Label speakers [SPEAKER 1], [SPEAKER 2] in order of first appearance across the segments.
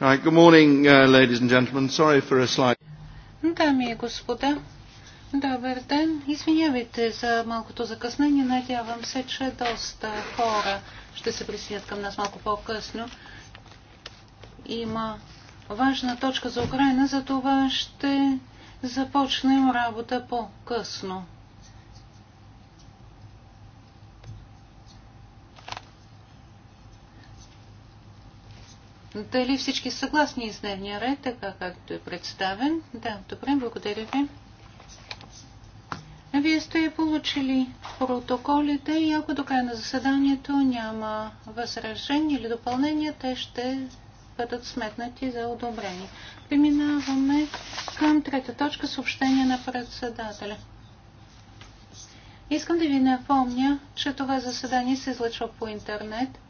[SPEAKER 1] good morning, uh, ladies and gentlemen. Sorry for a slight...
[SPEAKER 2] Дами и господа, добър ден. Извинявайте за малкото закъснение. Надявам се, че доста хора ще се присъединят към нас малко по-късно. Има важна точка за Украина, за това ще започнем работа по-късно. Дали всички съгласни с дневния ред, така както е представен? Да, добре, благодаря ви. Вие сте получили протоколите и ако до края на заседанието няма възражения или допълнения, те ще бъдат сметнати за одобрени. Преминаваме към трета точка съобщение на председателя. Искам да ви напомня, че това заседание се излъчва по интернет –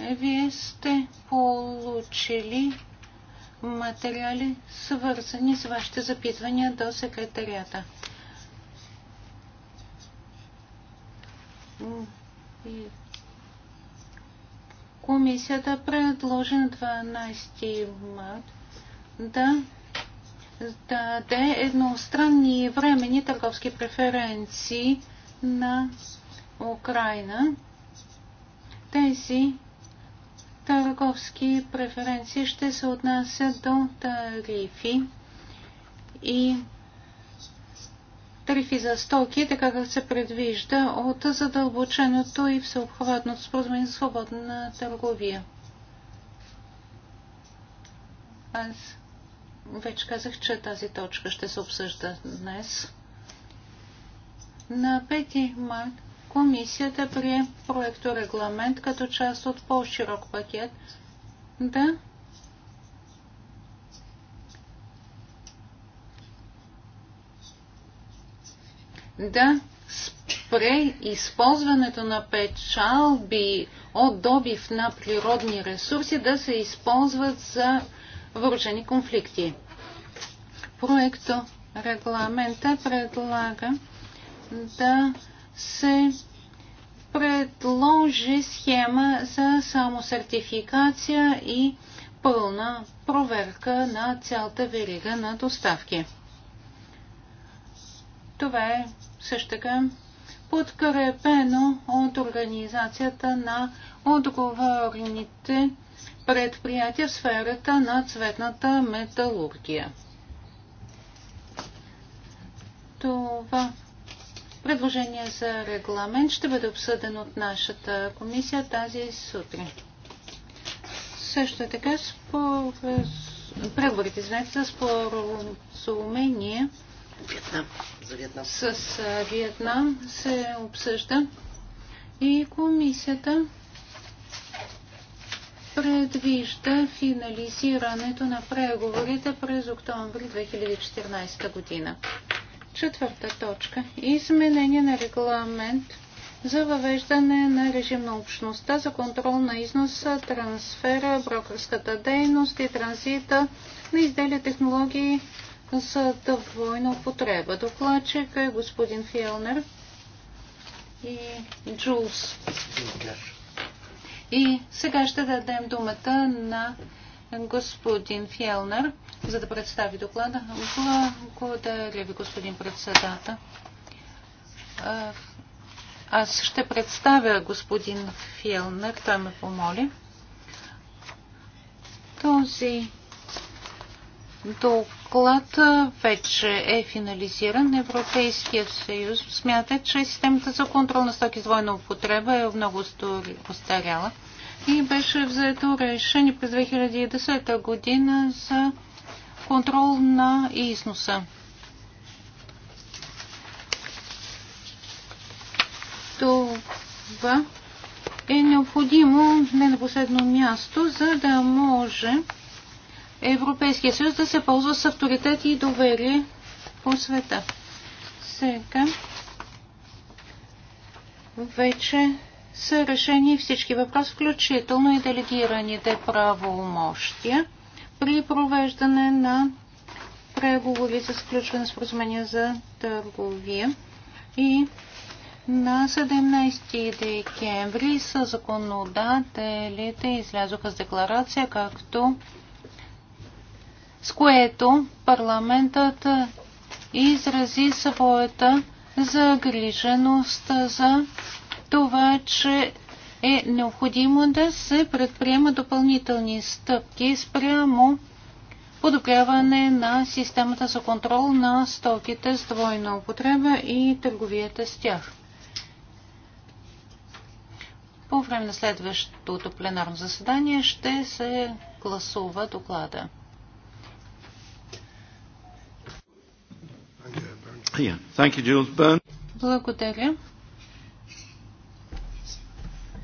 [SPEAKER 2] вие сте получили материали, свързани с вашите запитвания до секретарията. комисията предложи на 12 март да даде едностранни времени търговски преференции на Украина. Тези търговски преференции ще се отнасят до тарифи и тарифи за стоки, така как се предвижда от задълбоченото и всеобхватното споразумение за свободна търговия. Аз вече казах, че тази точка ще се обсъжда днес. На 5 март комисията прие проекто регламент като част от по-широк пакет да да спре използването на печалби от добив на природни ресурси да се използват за въоръжени конфликти. Проекто регламента предлага да се предложи схема за самосертификация и пълна проверка на цялата верига на доставки. Това е също така подкрепено от Организацията на отговорните предприятия в сферата на цветната металургия. Това Предложение за регламент ще бъде обсъден от нашата комисия тази сутрин. Също е така спор... преговорите знаете, за споразумение с Виетнам се обсъжда и комисията предвижда финализирането на преговорите през октомври 2014 година. Четвърта точка. Изменение на регламент за въвеждане на режим на общността за контрол на износа, трансфера, брокърската дейност и транзита на изделия технологии за двойна употреба. Докладчик е господин Фиелнер и Джулс. И сега ще дадем думата на господин Фелнер, за да представи доклада. Благодаря ви, господин председател. Аз ще представя господин Фелнер, той ме помоли. Този доклад вече е финализиран. Европейският съюз смята, че системата за контрол на стоки с двойна употреба е много устаряла и беше взето решение през 2010 година за контрол на износа. Това е необходимо не на последно място, за да може Европейския съюз да се ползва с авторитет и доверие по света. Сега вече са решени всички въпроси, включително и делегираните правомощия при провеждане на преговори за сключване споразумения за търговия и на 17 декември са законодателите излязоха с декларация, както с което парламентът изрази своята загриженост за това, че е необходимо да се предприема допълнителни стъпки спрямо подобряване на системата за контрол на стоките с двойна употреба и търговията с тях. По време на следващото пленарно заседание ще се гласува доклада. Благодаря.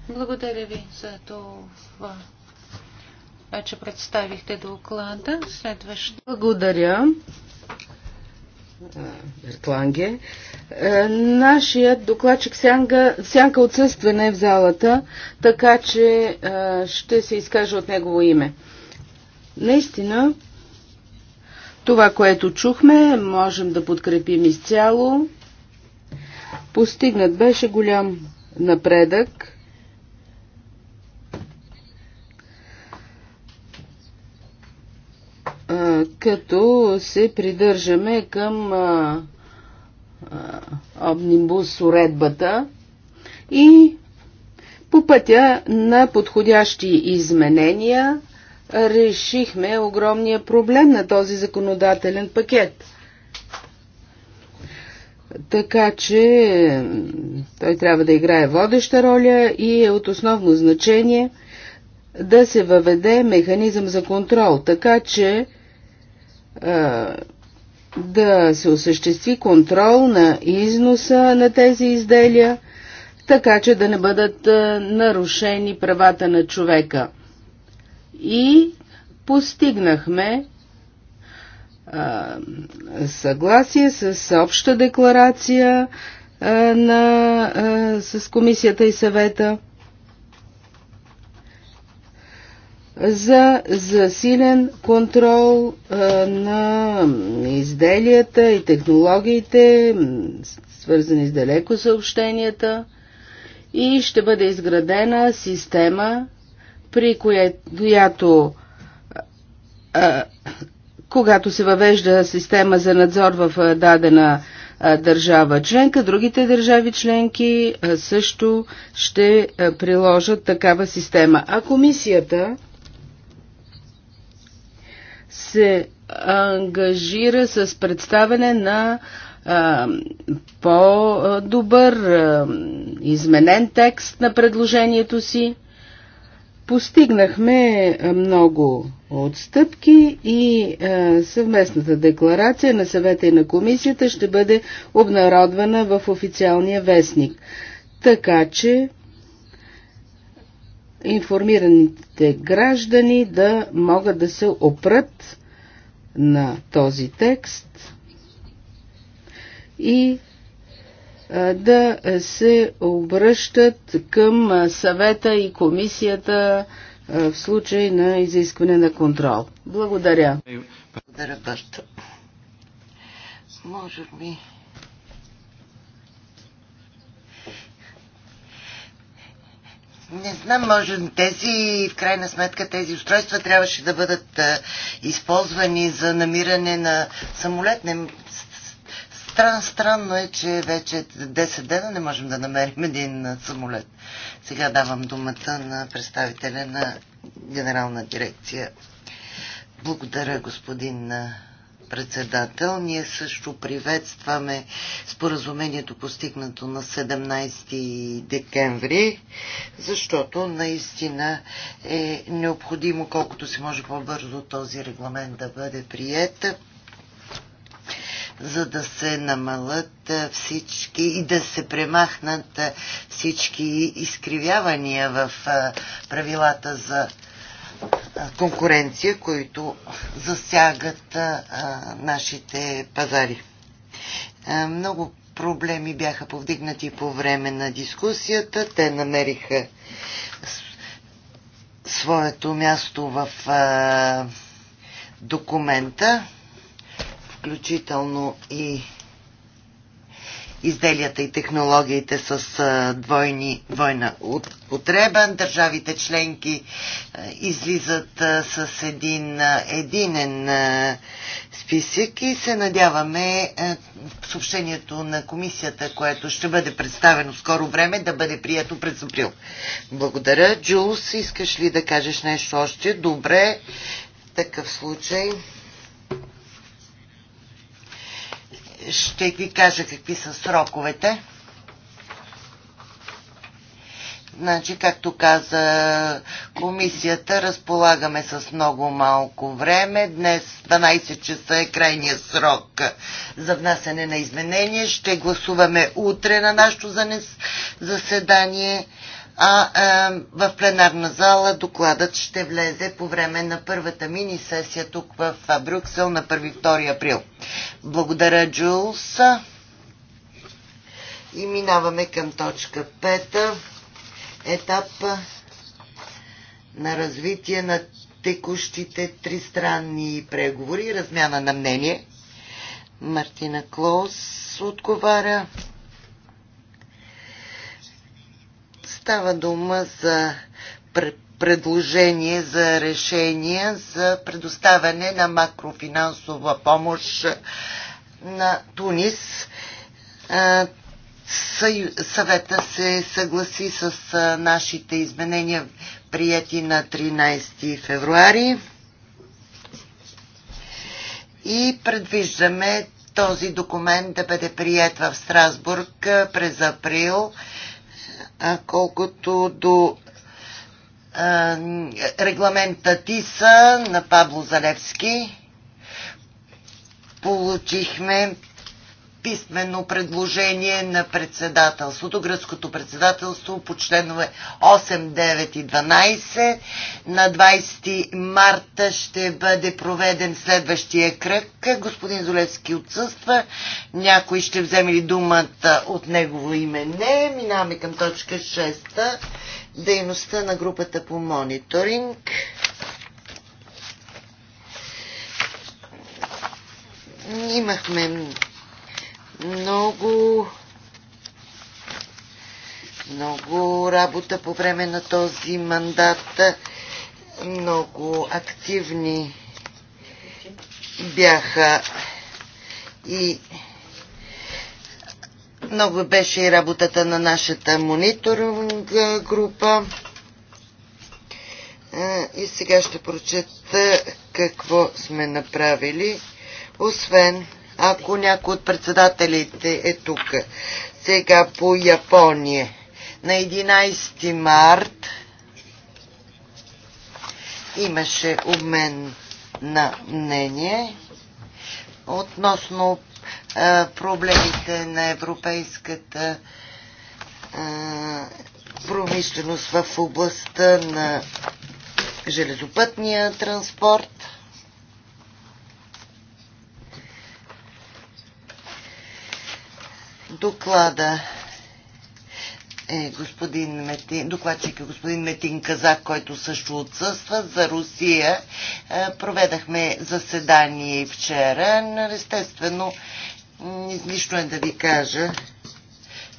[SPEAKER 2] Благодаря ви за това, че представихте доклада. Следващо. Благодаря.
[SPEAKER 3] Ертланге. Е, нашият докладчик Сянка, Сянка отсъства не в залата, така че ще се изкаже от негово име. Наистина, това, което чухме, можем да подкрепим изцяло. Постигнат беше голям напредък като се придържаме към обнимбус уредбата и по пътя на подходящи изменения решихме огромния проблем на този законодателен пакет. Така че той трябва да играе водеща роля и е от основно значение да се въведе механизъм за контрол, така че да се осъществи контрол на износа на тези изделия, така че да не бъдат нарушени правата на човека. И постигнахме съгласие с обща декларация на, с комисията и съвета. за засилен контрол на изделията и технологиите, свързани с далеко съобщенията и ще бъде изградена система, при която а, когато се въвежда система за надзор в дадена държава членка, другите държави членки също ще приложат такава система. А комисията се ангажира с представене на по-добър изменен текст на предложението си. Постигнахме много отстъпки и а, съвместната декларация на съвета и на комисията ще бъде обнародвана в официалния вестник. Така че информираните граждани да могат да се опрат на този текст и да се обръщат към съвета и комисията в случай на изискване на контрол. Благодаря. Благодаря, Бърто.
[SPEAKER 4] Може би Не знам, може тези, в крайна сметка, тези устройства трябваше да бъдат а, използвани за намиране на самолет. Не, стран, странно е, че вече 10 дена не можем да намерим един самолет. Сега давам думата на представителя на генерална дирекция. Благодаря, господин председател. Ние също приветстваме споразумението постигнато на 17 декември, защото наистина е необходимо колкото се може по-бързо този регламент да бъде прият за да се намалят всички и да се премахнат всички изкривявания в правилата за конкуренция, които засягат нашите пазари. Много проблеми бяха повдигнати по време на дискусията. Те намериха своето място в документа, включително и изделията и технологиите с двойни, двойна употреба. Държавите членки излизат с един единен списък и се надяваме съобщението на комисията, което ще бъде представено скоро време, да бъде прието през април. Благодаря. Джулс, искаш ли да кажеш нещо още? Добре. В такъв случай. ще ви кажа какви са сроковете. Значи, както каза комисията, разполагаме с много малко време. Днес 12 часа е крайния срок за внасяне на изменения. Ще гласуваме утре на нашето заседание а, а в пленарна зала докладът ще влезе по време на първата мини-сесия тук в Брюксел на 1-2 април. Благодаря, Джулс. И минаваме към точка 5. Етап на развитие на текущите тристранни преговори размяна на мнение. Мартина Клоус отговаря. Става дума за предложение за решение за предоставяне на макрофинансова помощ на Тунис. Съвета се съгласи с нашите изменения, прияти на 13 февруари. И предвиждаме този документ да бъде прият в Страсбург през април колкото до регламента ТИСА на Пабло Залевски. Получихме Писмено предложение на председателството, гръцкото председателство по членове 8, 9 и 12. На 20 марта ще бъде проведен следващия кръг. Господин Золевски отсъства. Някой ще вземе ли думата от негово име? Не. Минаваме към точка 6. Дейността на групата по мониторинг. Имахме много много работа по време на този мандат, много активни бяха и много беше и работата на нашата мониторинг група. И сега ще прочета какво сме направили, освен ако някой от председателите е тук. Сега по Япония. На 11 март имаше обмен на мнение относно а, проблемите на европейската а, промишленост в областта на железопътния транспорт. Доклада е господин Метин, докладчик е господин Метин Казак, който също отсъства за Русия. Е, проведахме заседание вчера. Естествено, излишно е да ви кажа,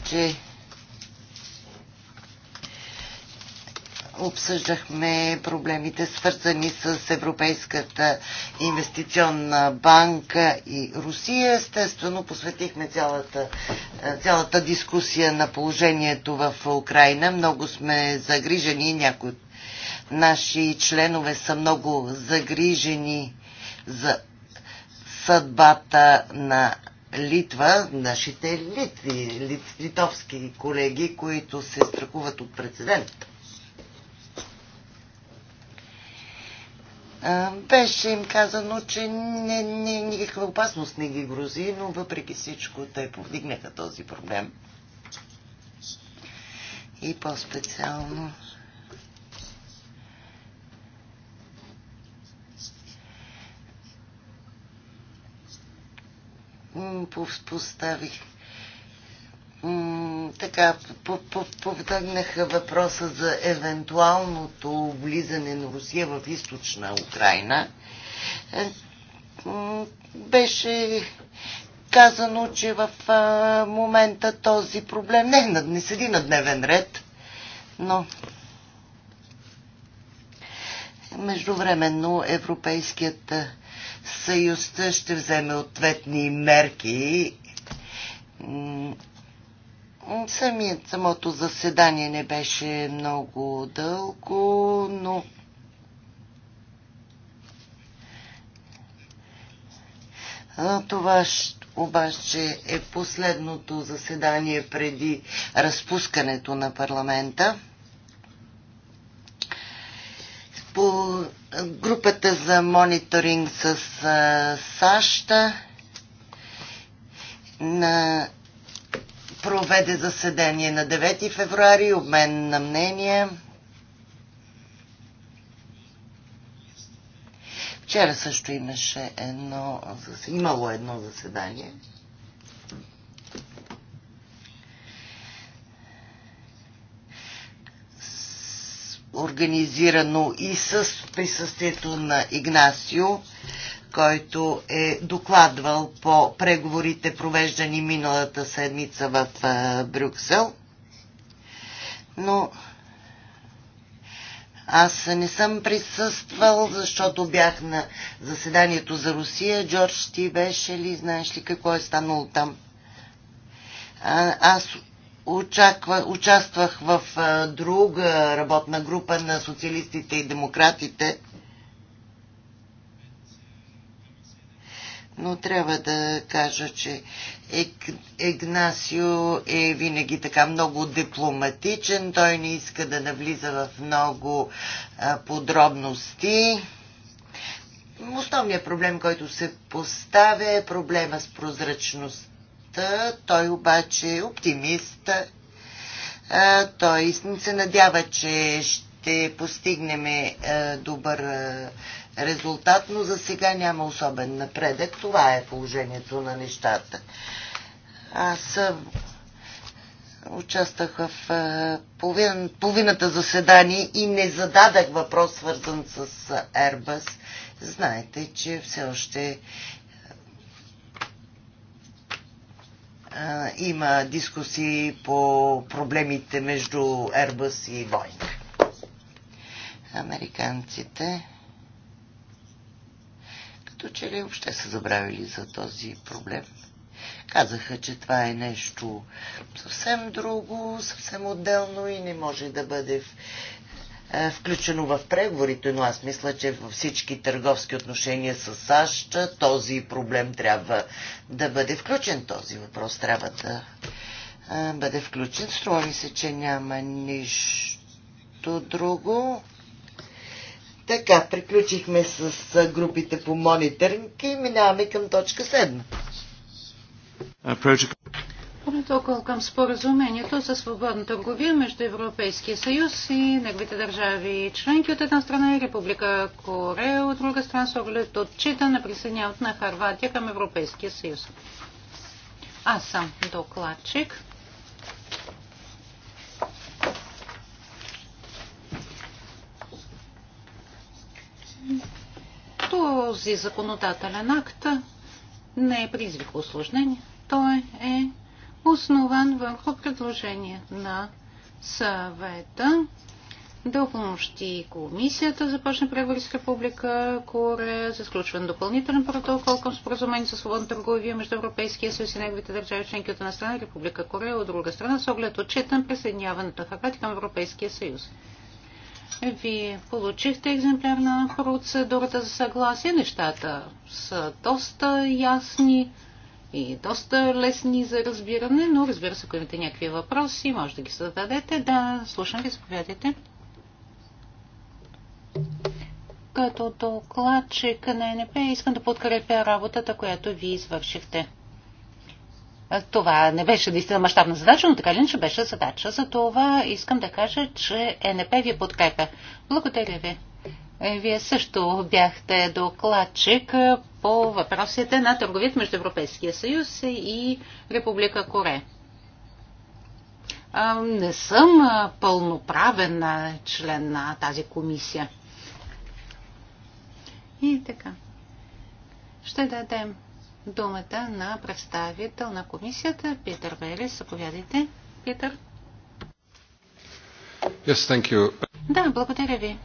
[SPEAKER 4] че обсъждахме проблемите свързани с Европейската инвестиционна банка и Русия. Естествено, посветихме цялата, е, цялата дискусия на положението в Украина. Много сме загрижени, някои от наши членове са много загрижени за съдбата на Литва, нашите литви, литовски колеги, които се страхуват от прецедента. беше им казано, че не, не, никаква опасност не ги грози, но въпреки всичко те повдигнаха този проблем. И по-специално поставих така повдъгнаха въпроса за евентуалното влизане на Русия в източна Украина. Е, беше казано, че в момента този проблем не, не седи на дневен ред, но междувременно Европейският съюз ще вземе ответни мерки Самият, самото заседание не беше много дълго, но това обаче е последното заседание преди разпускането на парламента. По групата за мониторинг с САЩ на проведе заседание на 9 февруари, обмен на мнение. Вчера също имаше едно, имало едно заседание. Организирано и с присъствието на Игнасио който е докладвал по преговорите, провеждани миналата седмица в Брюксел. Но аз не съм присъствал, защото бях на заседанието за Русия. Джордж, ти беше ли, знаеш ли какво е станало там? А, аз очаква, участвах в а, друга работна група на социалистите и демократите – но трябва да кажа, че Егнасио е винаги така много дипломатичен. Той не иска да навлиза в много подробности. Основният проблем, който се поставя е проблема с прозрачността. Той обаче е оптимист. Той се надява, че ще постигнем добър резултат, но за сега няма особен напредък. Това е положението на нещата. Аз участвах в половин, половината заседание и не зададах въпрос, свързан с Airbus. Знаете, че все още има дискусии по проблемите между Airbus и Boeing. Американците като че ли въобще са забравили за този проблем. Казаха, че това е нещо съвсем друго, съвсем отделно и не може да бъде е, включено в преговорите, но аз мисля, че във всички търговски отношения с САЩ този проблем трябва да бъде включен. Този въпрос трябва да е, бъде включен. Струва ми се, че няма нищо друго. Така, приключихме с групите по мониторинг и минаваме към точка 7. Протокол към споразумението
[SPEAKER 2] за свободна търговия между Европейския съюз и неговите държави членки от една страна и е Република Корея от друга страна с оглед отчита на присъединяването на Харватия към Европейския съюз. Аз съм докладчик. Този законодателен акт не е призвик осложнение. Той е основан върху предложение на съвета да помощи комисията започне преговори с Република Корея за сключване допълнителен протокол към споразумение за свободна търговия между Европейския съюз и неговите държави членки от една страна Република Корея, от друга страна с оглед отчетен присъединяването на Хакати към Европейския съюз. Вие получихте екземпляр на процедурата за съгласие. Нещата са доста ясни и доста лесни за разбиране, но разбира се, ако имате някакви въпроси, може да ги зададете. Да, слушам ви, заповядайте. Като докладчик на НП искам да подкрепя работата, която ви извършихте. Това не беше наистина мащабна задача, но така ли не беше задача. За това искам да кажа, че ЕНП ви подкрепя. Благодаря ви. Е, вие също бяхте докладчик по въпросите на търговият между Европейския съюз и Република Корея. Не съм пълноправен член на тази комисия. И така. Ще дадем думата на представител на комисията Питър Вели. Заповядайте, Питър.
[SPEAKER 5] Yes, thank you.
[SPEAKER 2] Да, благодаря ви.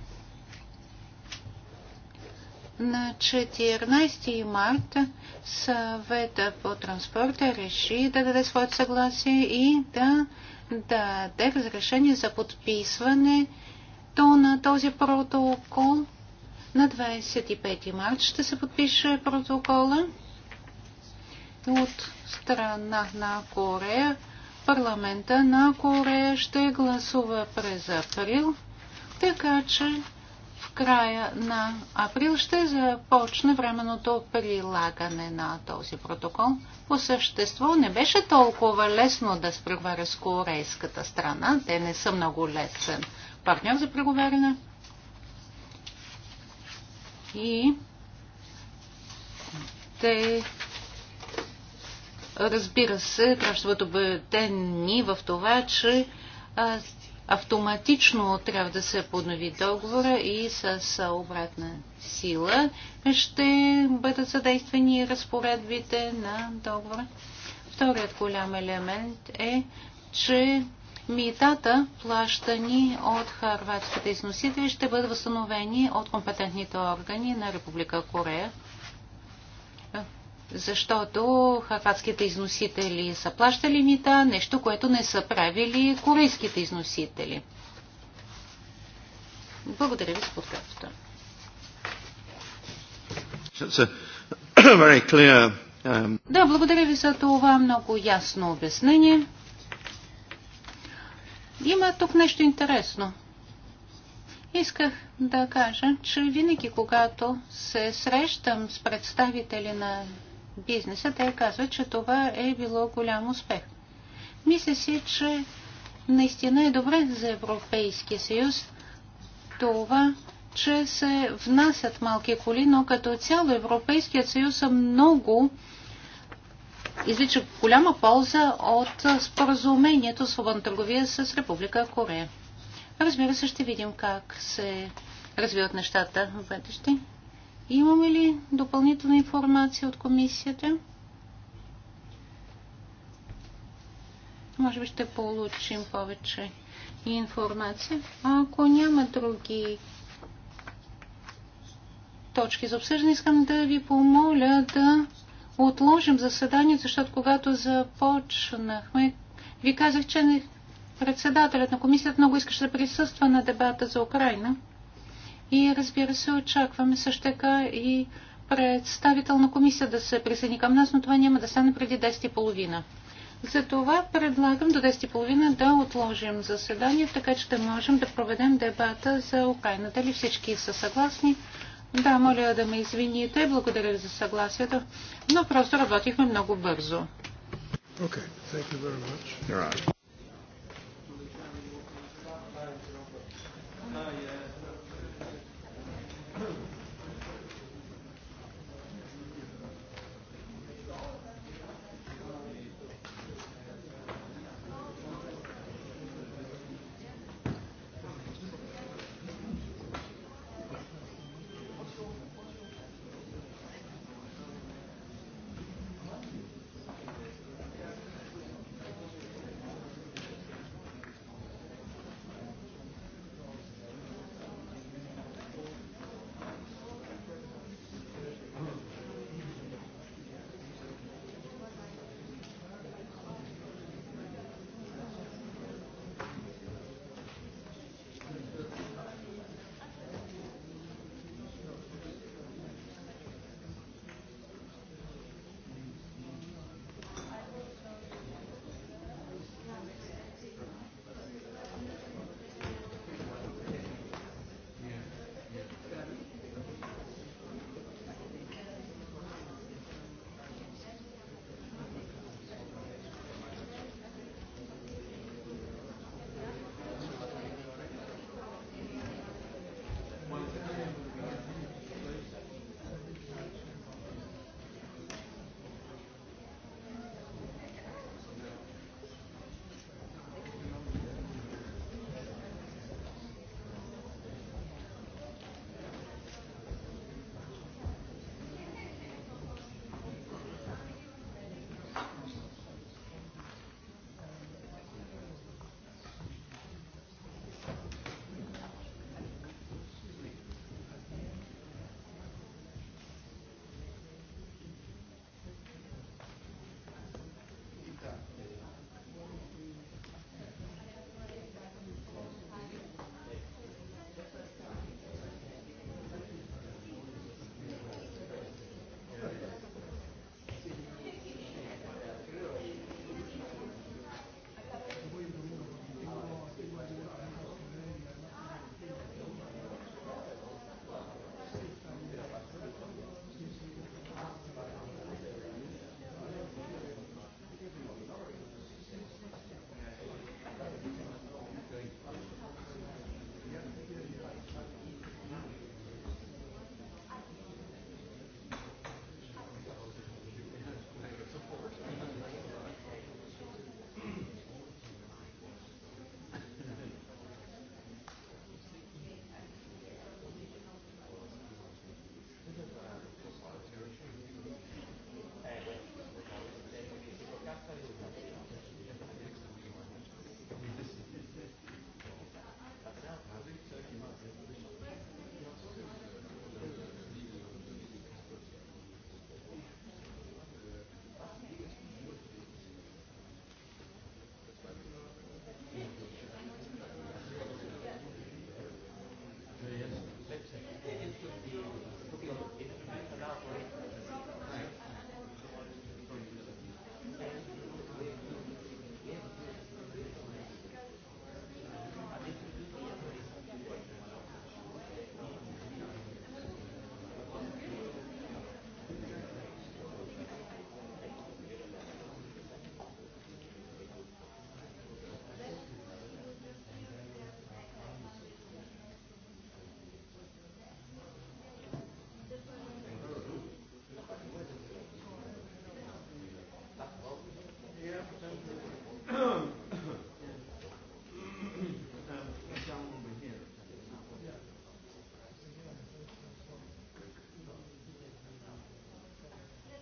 [SPEAKER 2] На 14 март съвета по транспорта реши да даде своето съгласие и да даде разрешение за подписване то на този протокол. На 25 март ще се подпише протокола от страна на Корея. Парламента на Корея ще гласува през април, така че в края на април ще започне временното прилагане на този протокол. По същество не беше толкова лесно да спреговаря с корейската страна. Те не са много лесен партньор за преговаряне. И те Разбира се, трябва да бъдат убедени в това, че автоматично трябва да се поднови договора и с обратна сила ще бъдат задействани разпоредбите на договора. Вторият голям елемент е, че митата, плащани от харватските износители, ще бъдат възстановени от компетентните органи на Република Корея защото хрватските износители са плащали мита, нещо, което не са правили корейските износители. Благодаря ви за подкрепата. Um, да, благодаря ви за това много ясно обяснение. Има тук нещо интересно. Исках да кажа, че винаги, когато се срещам с представители на бизнеса, те казват, че това е било голям успех. Мисля си, че наистина е добре за Европейския съюз това, че се внасят малки коли, но като цяло Европейският съюз е много излича голяма полза от споразумението с свободна търговия с Република Корея. Разбира се, ще видим как се развиват нещата в бъдеще. Имаме ли допълнителна информация от комисията? Може би ще получим повече информация. А ако няма други точки за обсъждане, искам да ви помоля да отложим заседанието, защото когато започнахме, ви казах, че председателят на комисията много искаше да присъства на дебата за Украина. И разбира се, очакваме също така и представител на комисия да се присъедини към нас, но това няма да стане преди 10.30. Затова предлагам до 10.30 да отложим заседание, така че да можем да проведем дебата за Украина. Дали всички са съгласни? Да, моля да ме извините. Благодаря за съгласието. Но просто работихме много бързо. Okay, thank you very much.
[SPEAKER 5] All right.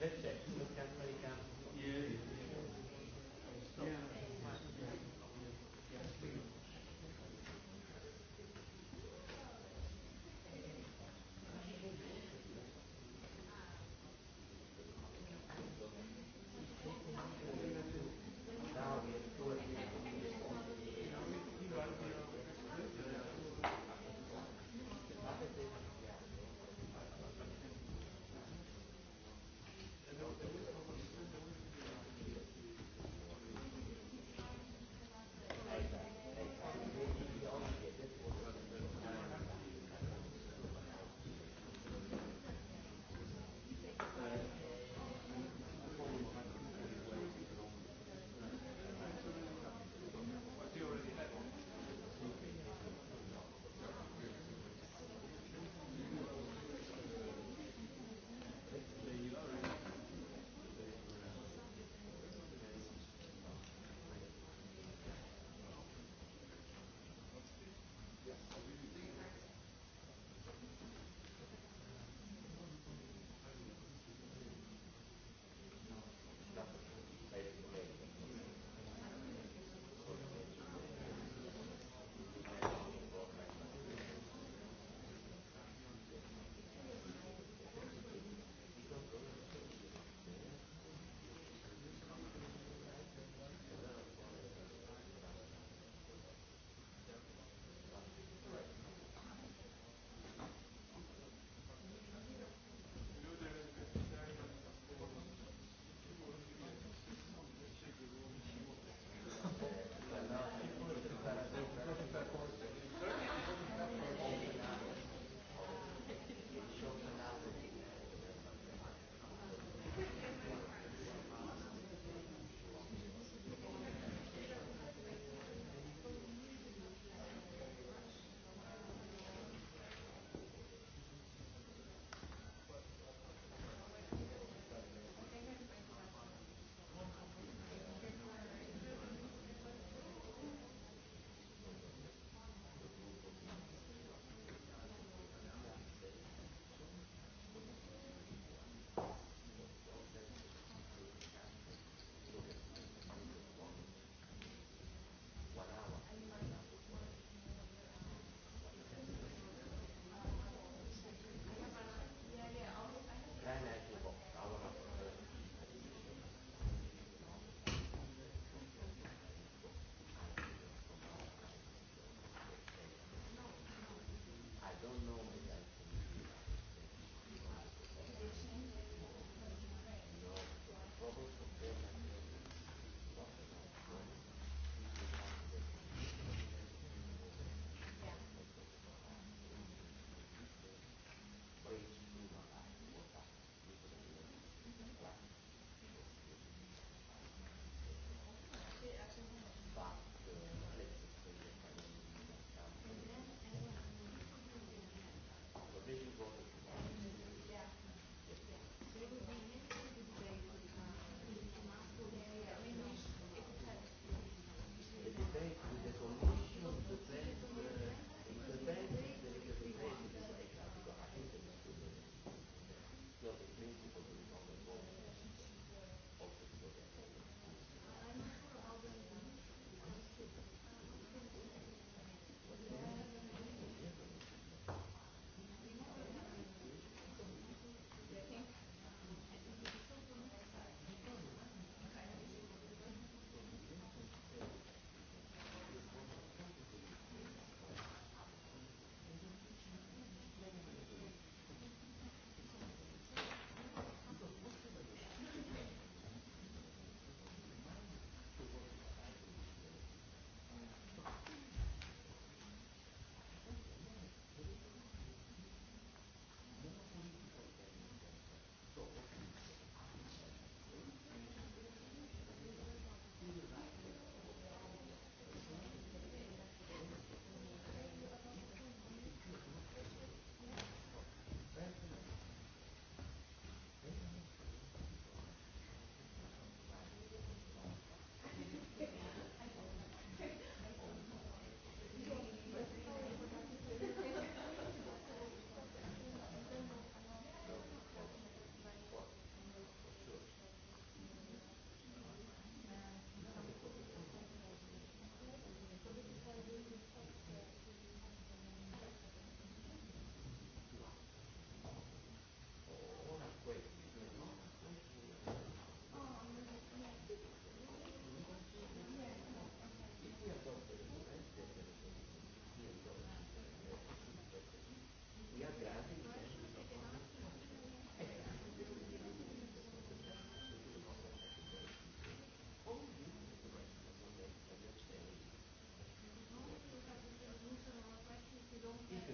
[SPEAKER 1] Perfetto, lo canto di campo.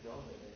[SPEAKER 5] Done,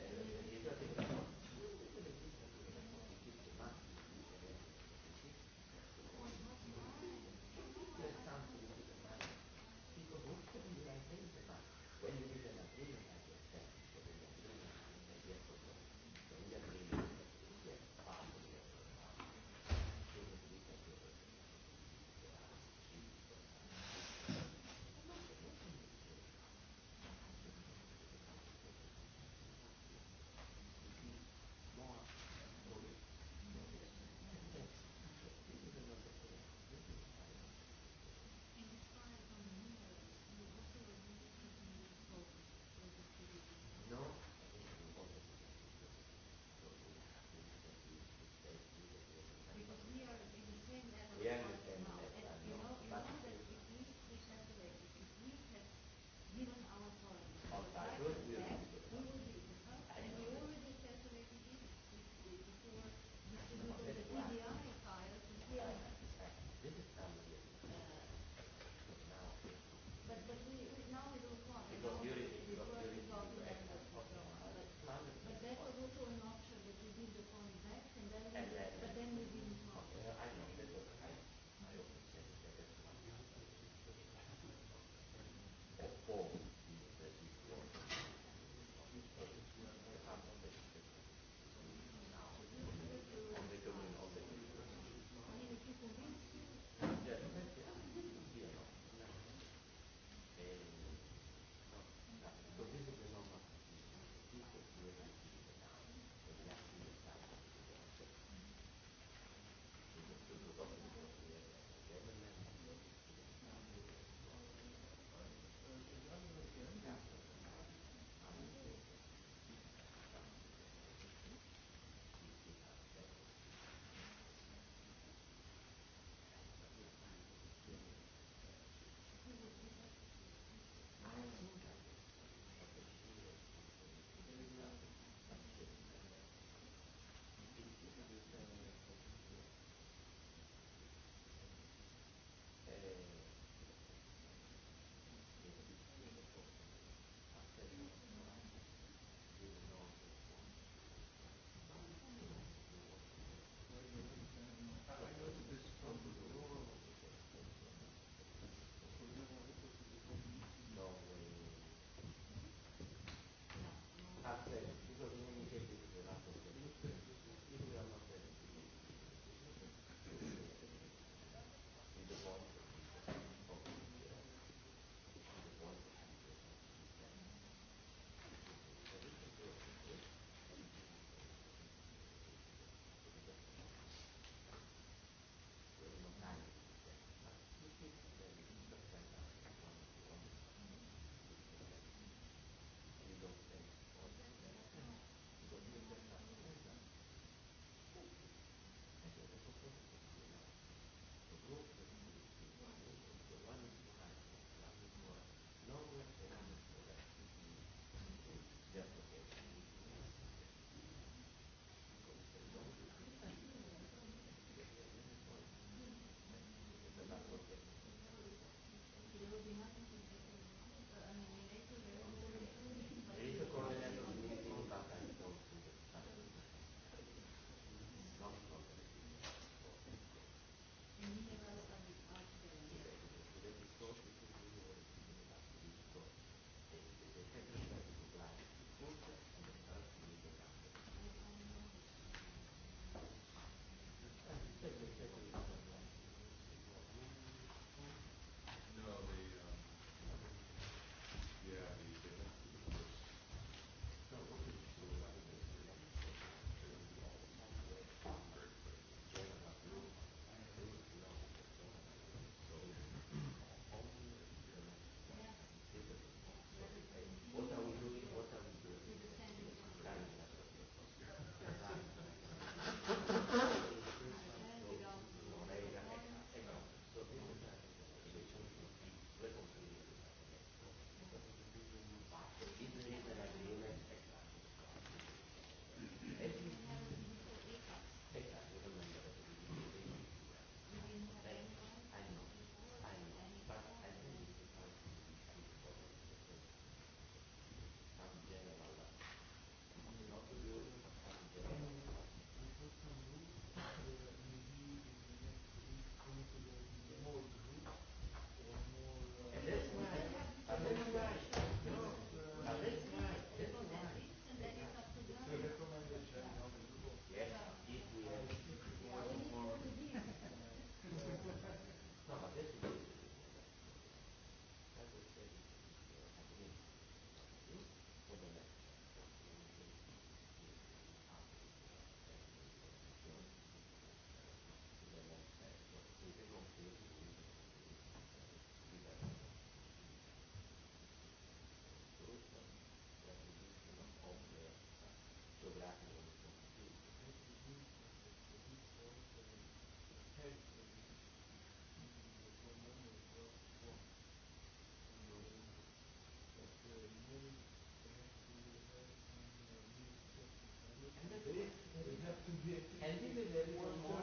[SPEAKER 5] and this is the reason more,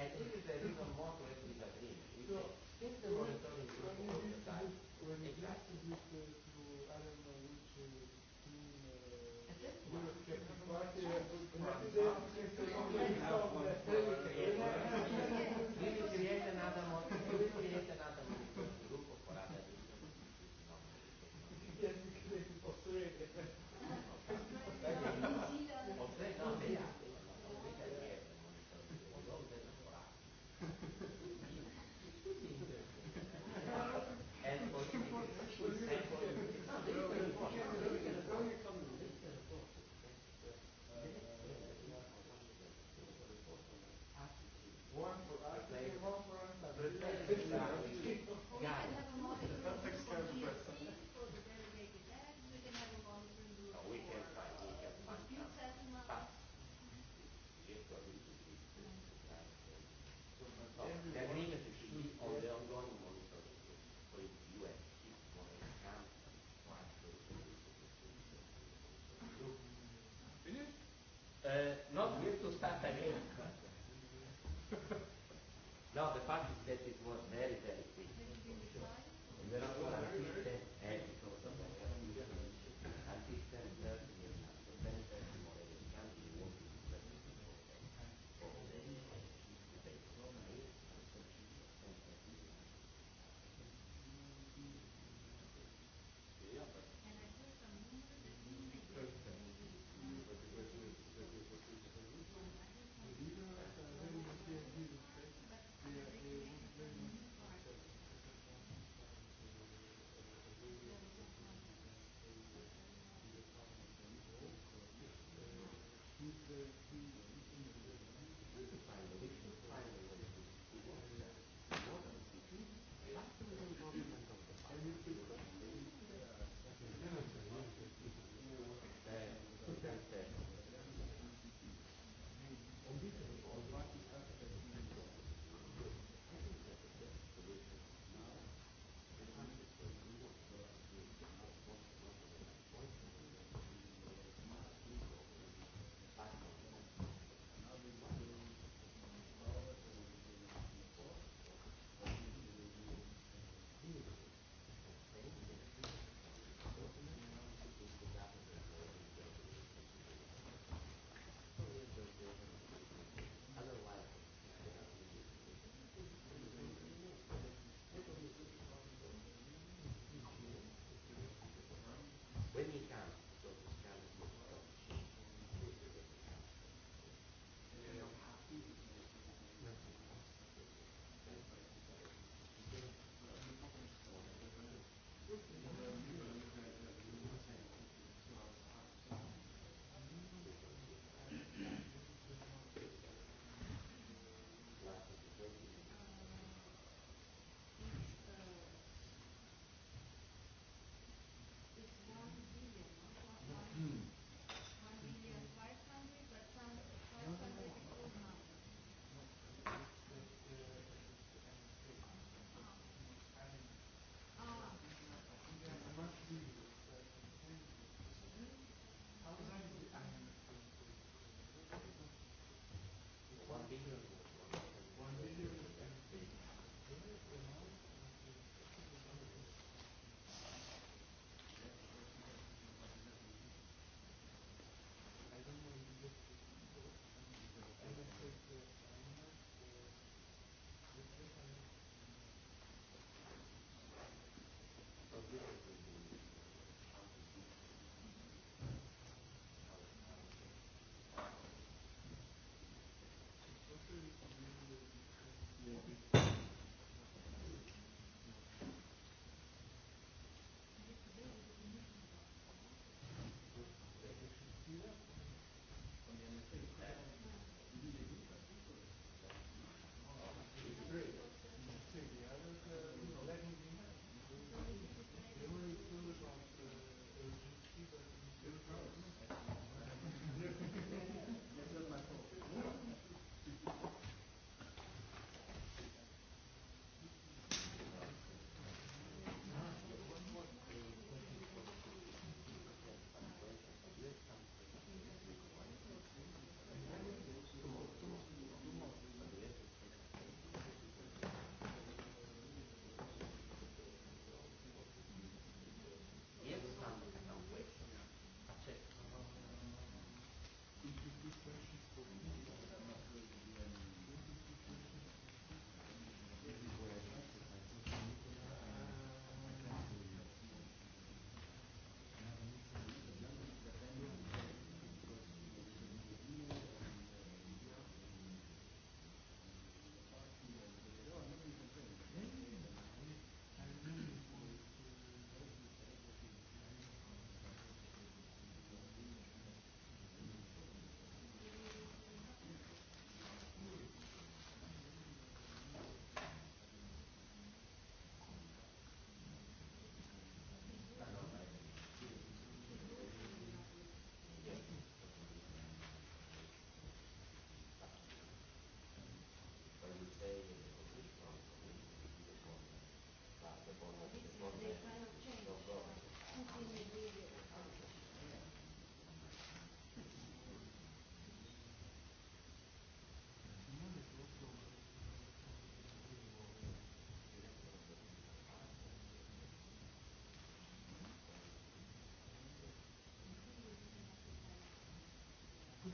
[SPEAKER 5] and this Uh not with to start again. No, the fact is that it was very, very quick.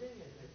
[SPEAKER 5] идеята е,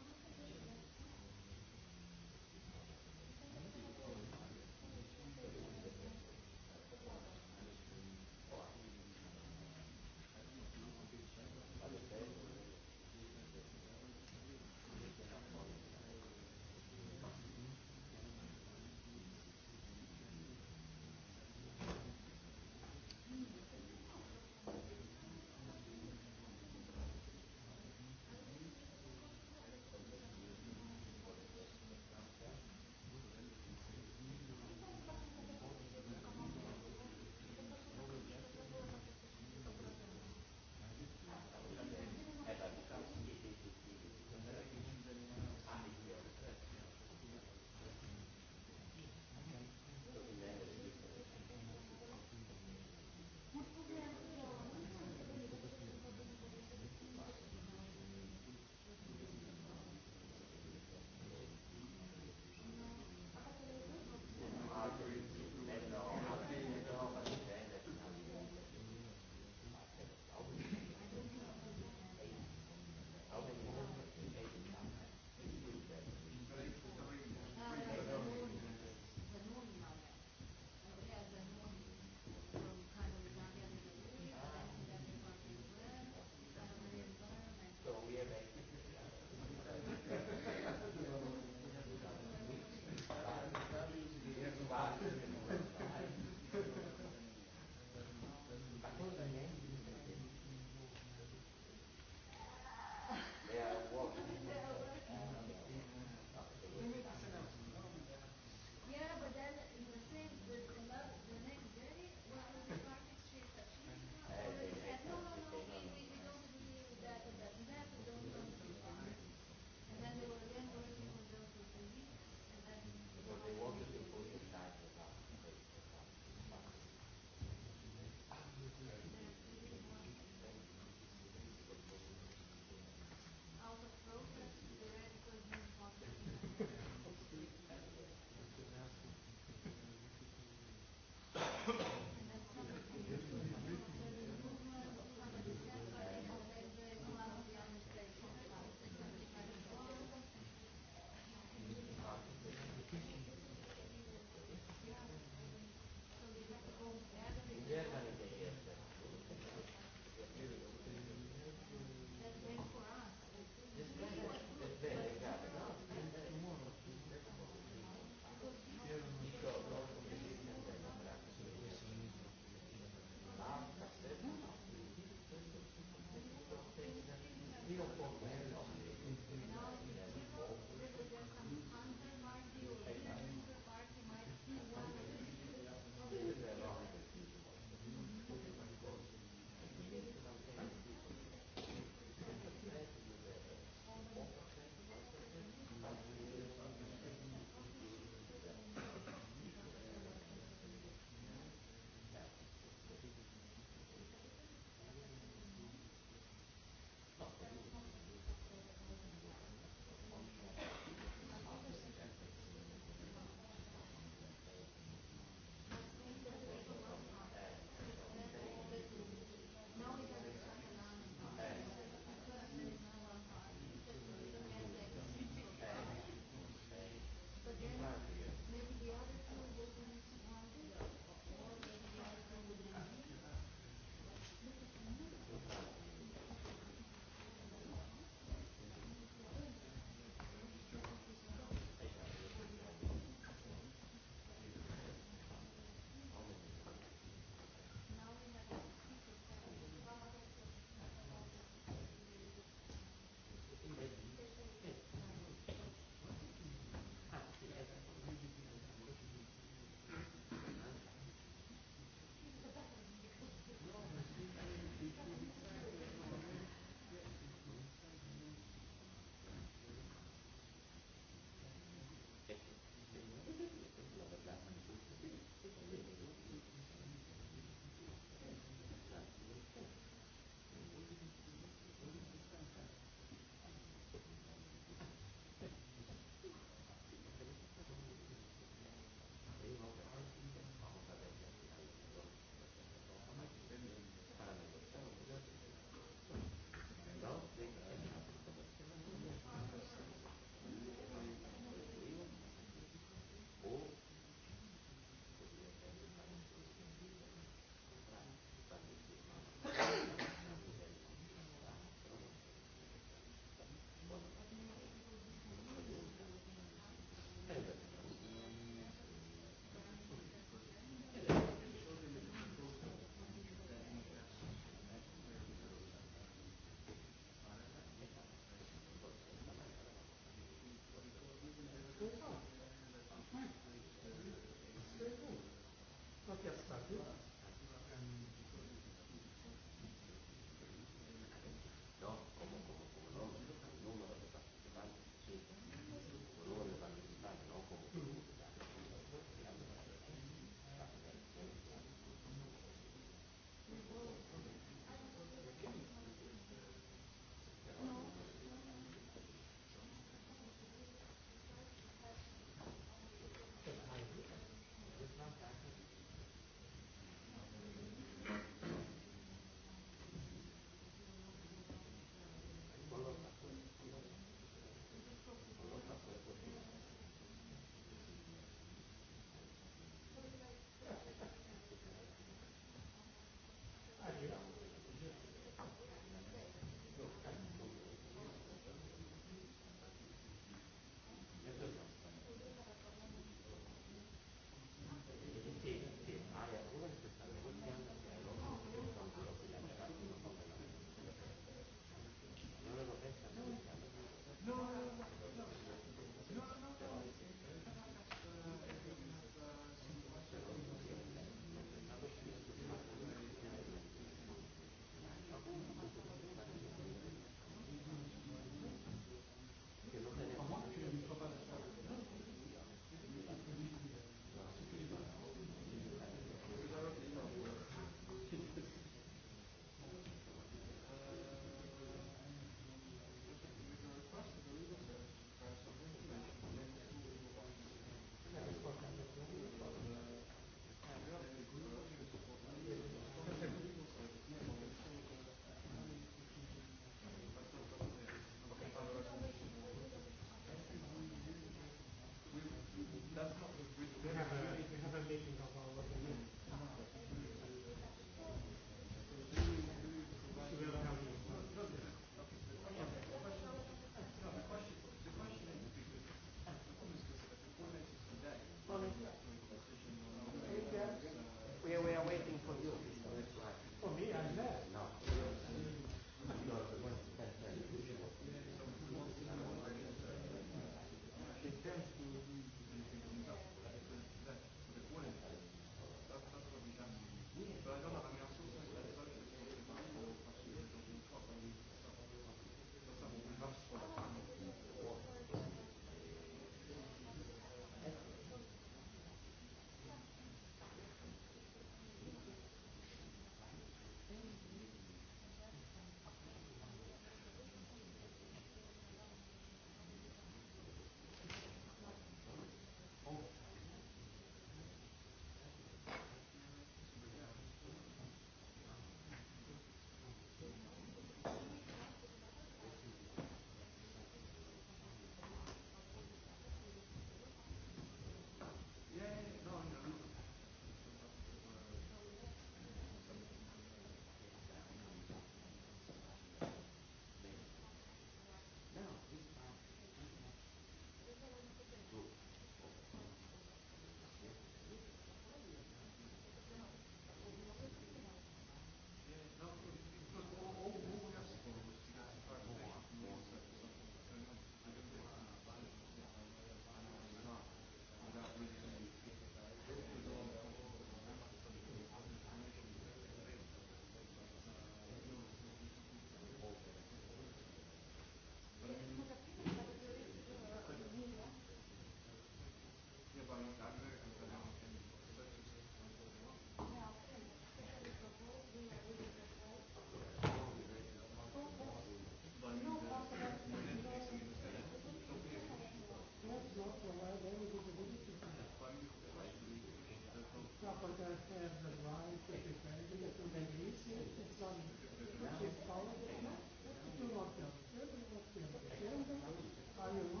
[SPEAKER 5] Are you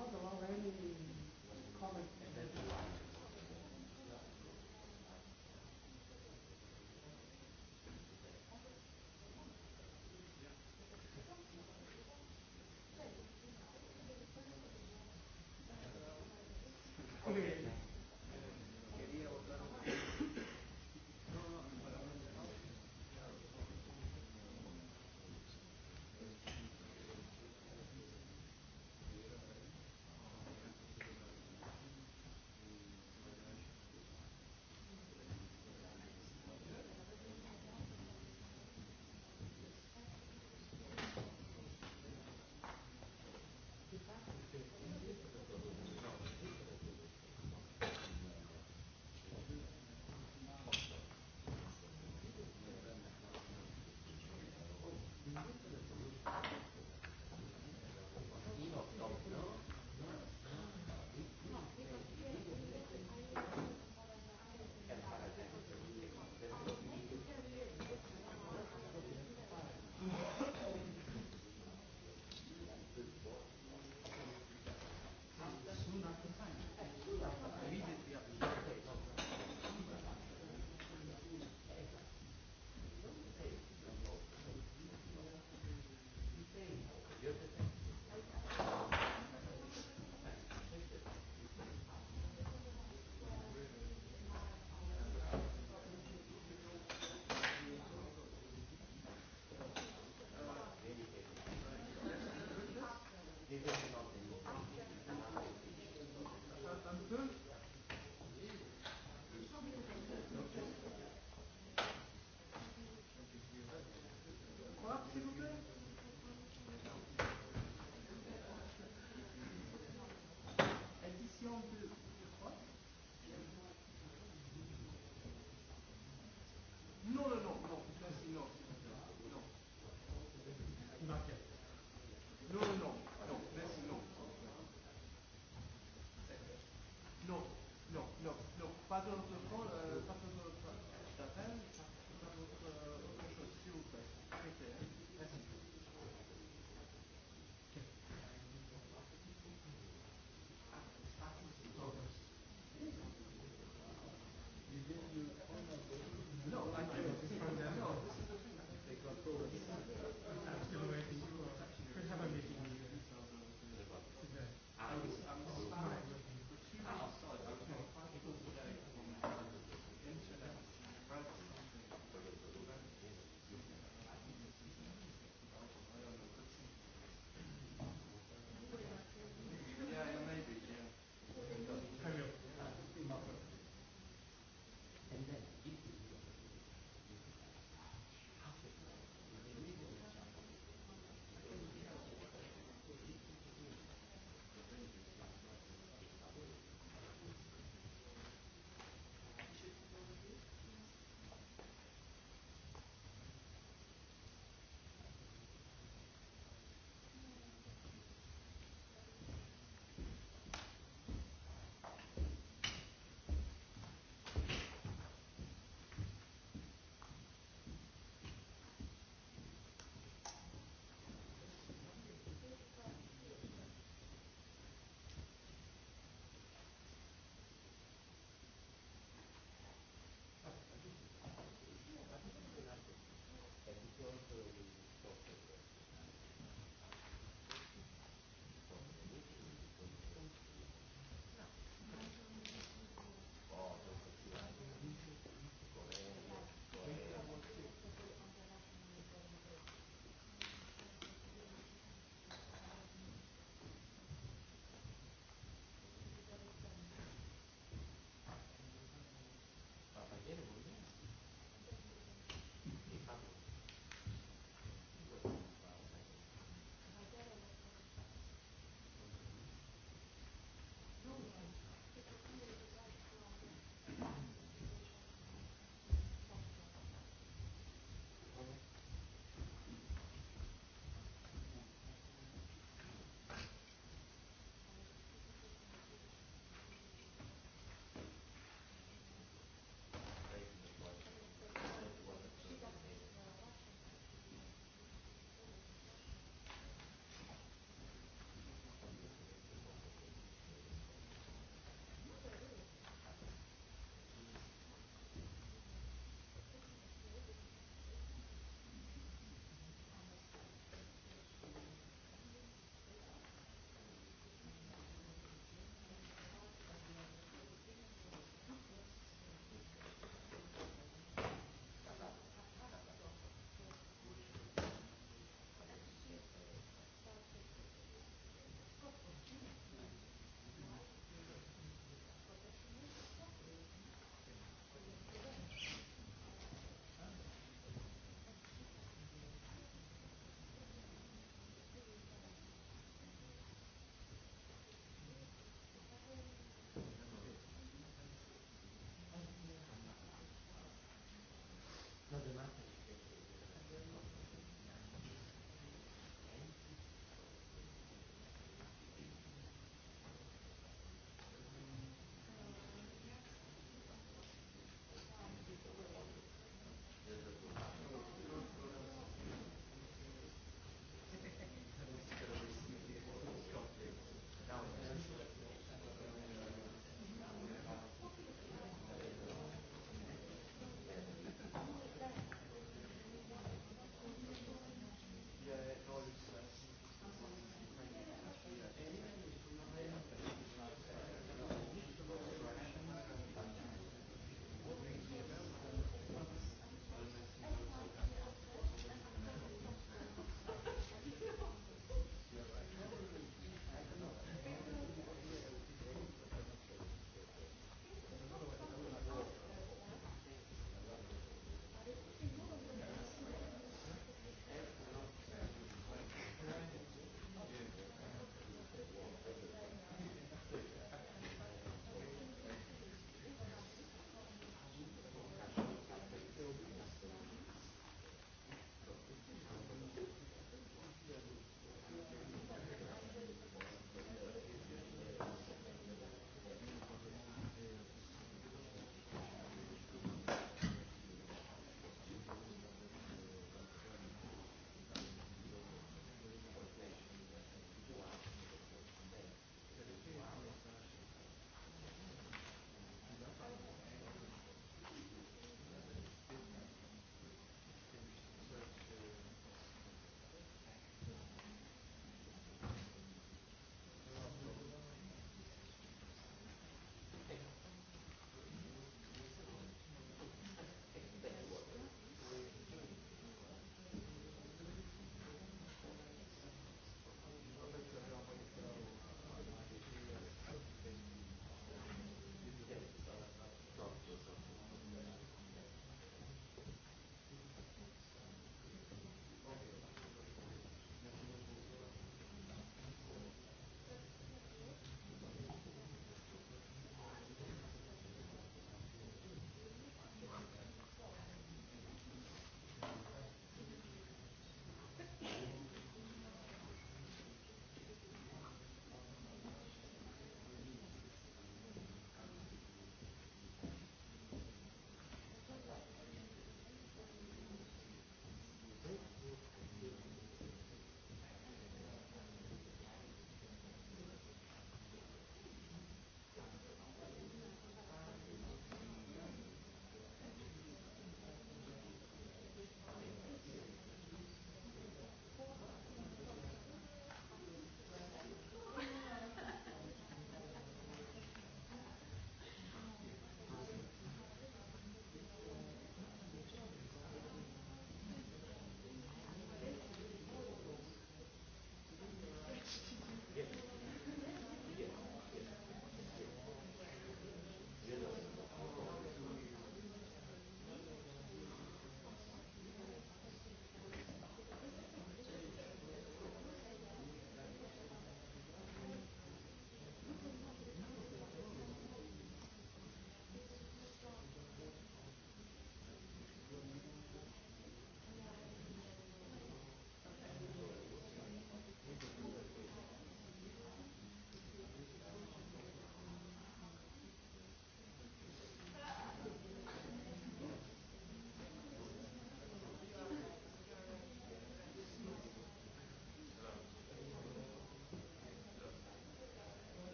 [SPEAKER 5] Thank you. pas de l'autre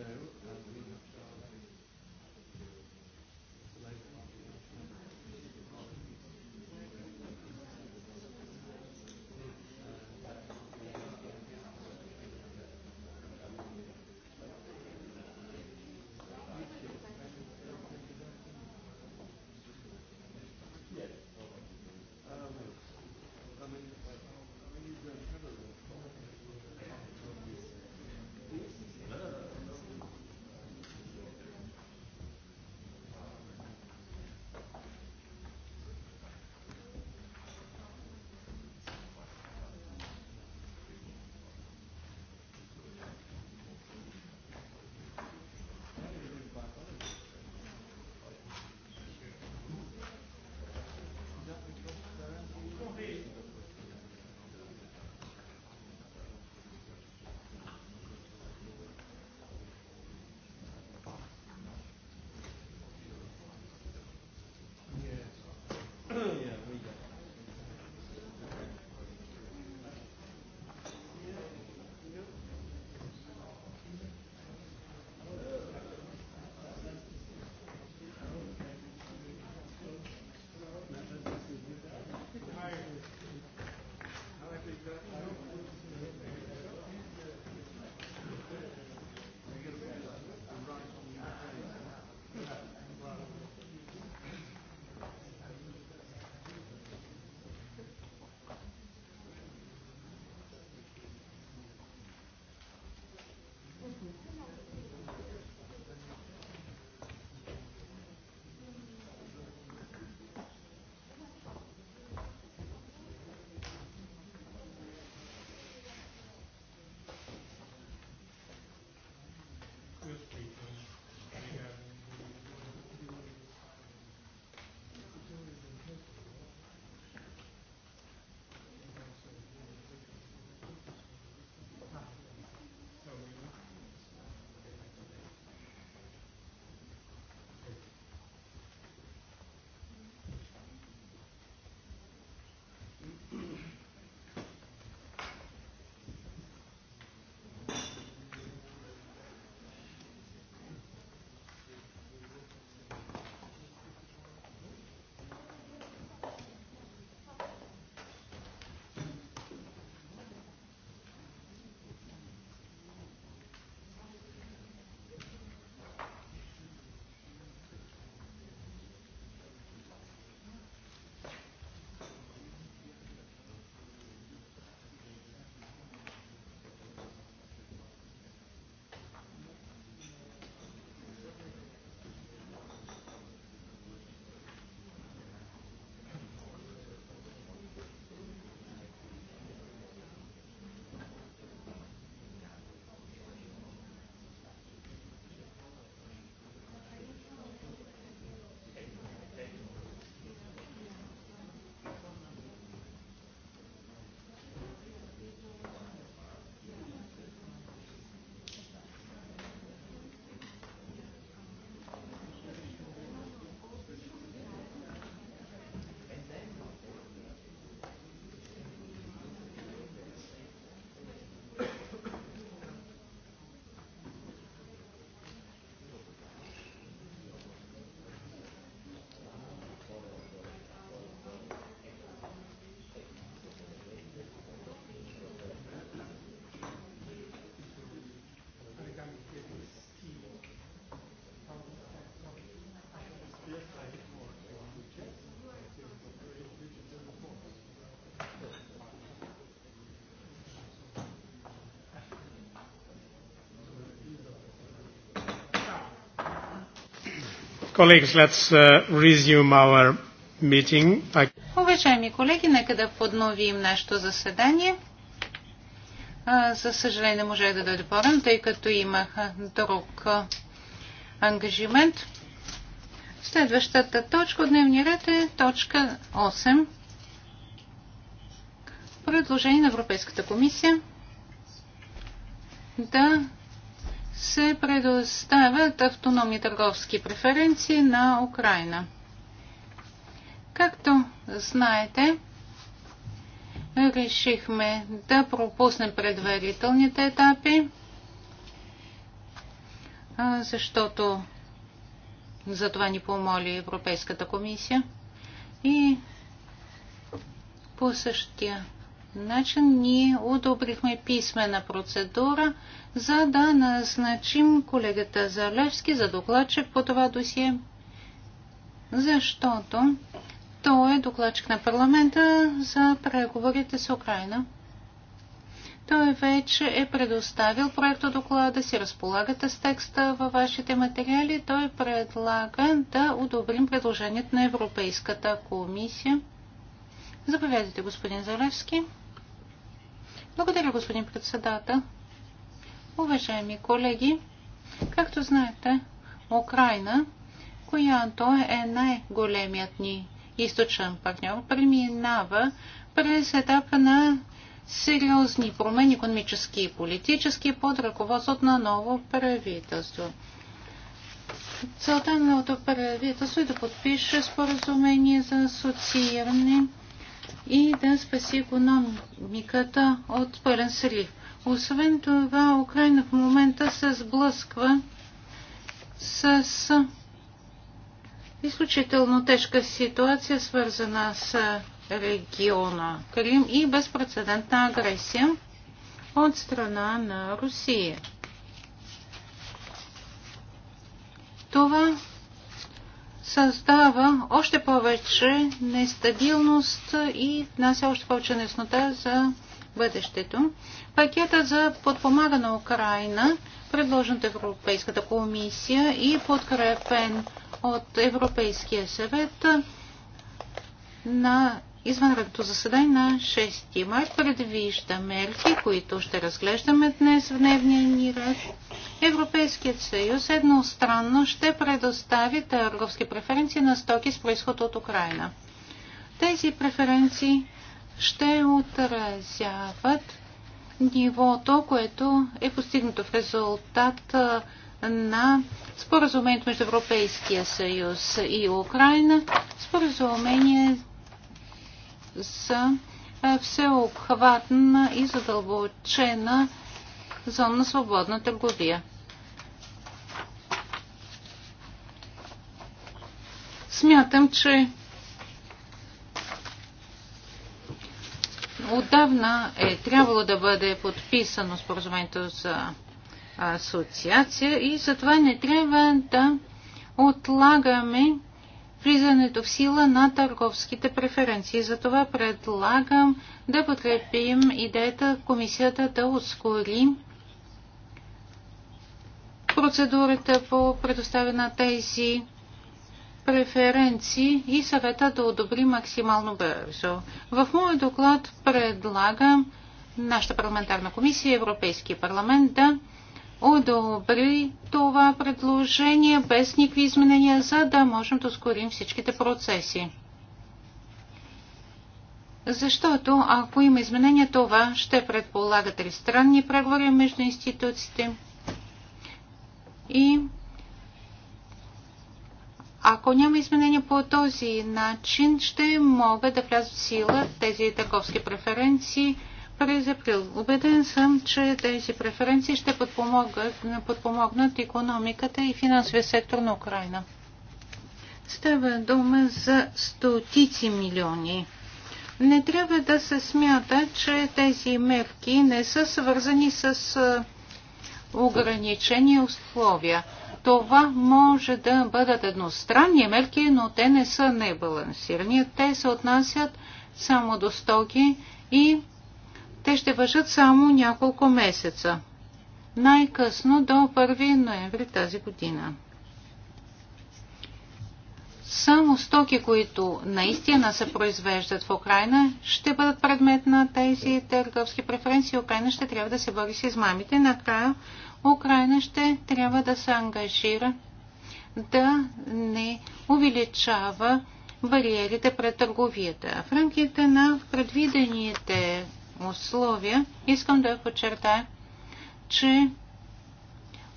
[SPEAKER 5] Да, е,
[SPEAKER 6] Colleagues, let's uh, resume our meeting.
[SPEAKER 2] Уважаеми колеги, нека да подновим нашето заседание. За съжаление не можах да дойде по-рано, тъй като имах друг ангажимент. Следващата точка от дневния ред е точка 8. Предложение на Европейската комисия да се предоставят автономни търговски преференции на Украина. Както знаете, решихме да пропуснем предварителните етапи, защото за това ни помоли Европейската комисия. И по същия начин ние одобрихме писмена процедура, за да назначим колегата Залевски за докладчик по това досие, защото той е докладчик на парламента за преговорите с Украина. Той вече е предоставил проекта доклада си, разполагате с текста във вашите материали. Той предлага да одобрим предложението на Европейската комисия. Заповядайте, господин Залевски. Благодаря, господин председател. Уважаеми колеги, както знаете, Украина, която е най-големият ни източен партньор, преминава през етапа на сериозни промени економически и политически под ръководството на ново правителство. Целта на новото правителство е да подпише споразумение за асоцииране и да спаси економиката от пълен срив. Освен това, Украина в момента се сблъсква с изключително тежка ситуация, свързана с региона Крим и безпредседентна агресия от страна на Русия. Това създава още повече нестабилност и нася още повече неснота за бъдещето. Пакетът за подпомагана на Украина, предложен от Европейската комисия и подкрепен от Европейския съвет на извънредното заседание на 6 май предвижда мерки, които ще разглеждаме днес в дневния ни ред. Европейският съюз едностранно ще предостави търговски преференции на стоки с происход от Украина. Тези преференции ще отразяват нивото, което е постигнато в резултат на споразумението между Европейския съюз и Украина, споразумение за всеобхватна и задълбочена зона на свободна търговия. Смятам, че отдавна е трябвало да бъде подписано споразумението за асоциация и затова не трябва да отлагаме влизането в сила на търговските преференции. Затова предлагам да подкрепим идеята комисията да ускори процедурата по предоставяне на тези преференции и съвета да одобри максимално бързо. В моят доклад предлагам нашата парламентарна комисия и Европейския парламент да одобри това предложение без никакви изменения, за да можем да ускорим всичките процеси. Защото ако има изменения, това ще предполага тристранни преговори между институциите. И ако няма изменения по този начин, ще могат да влязат в сила тези търговски преференции – през април. Обеден съм, че тези преференции ще подпомогнат, подпомогнат економиката и финансовия сектор на Украина. Става дума за стотици милиони. Не трябва да се смята, че тези мерки не са свързани с ограничени условия. Това може да бъдат едностранни мерки, но те не са небалансирани. Те се отнасят само до стоки и те ще въжат само няколко месеца, най-късно до 1 ноември тази година. Само стоки, които наистина се произвеждат в Украина, ще бъдат предмет на тези търговски преференции. Украина ще трябва да се бори с измамите. Накрая Украина ще трябва да се ангажира да не увеличава бариерите пред търговията. В рамките на предвидените условия, искам да подчертая, че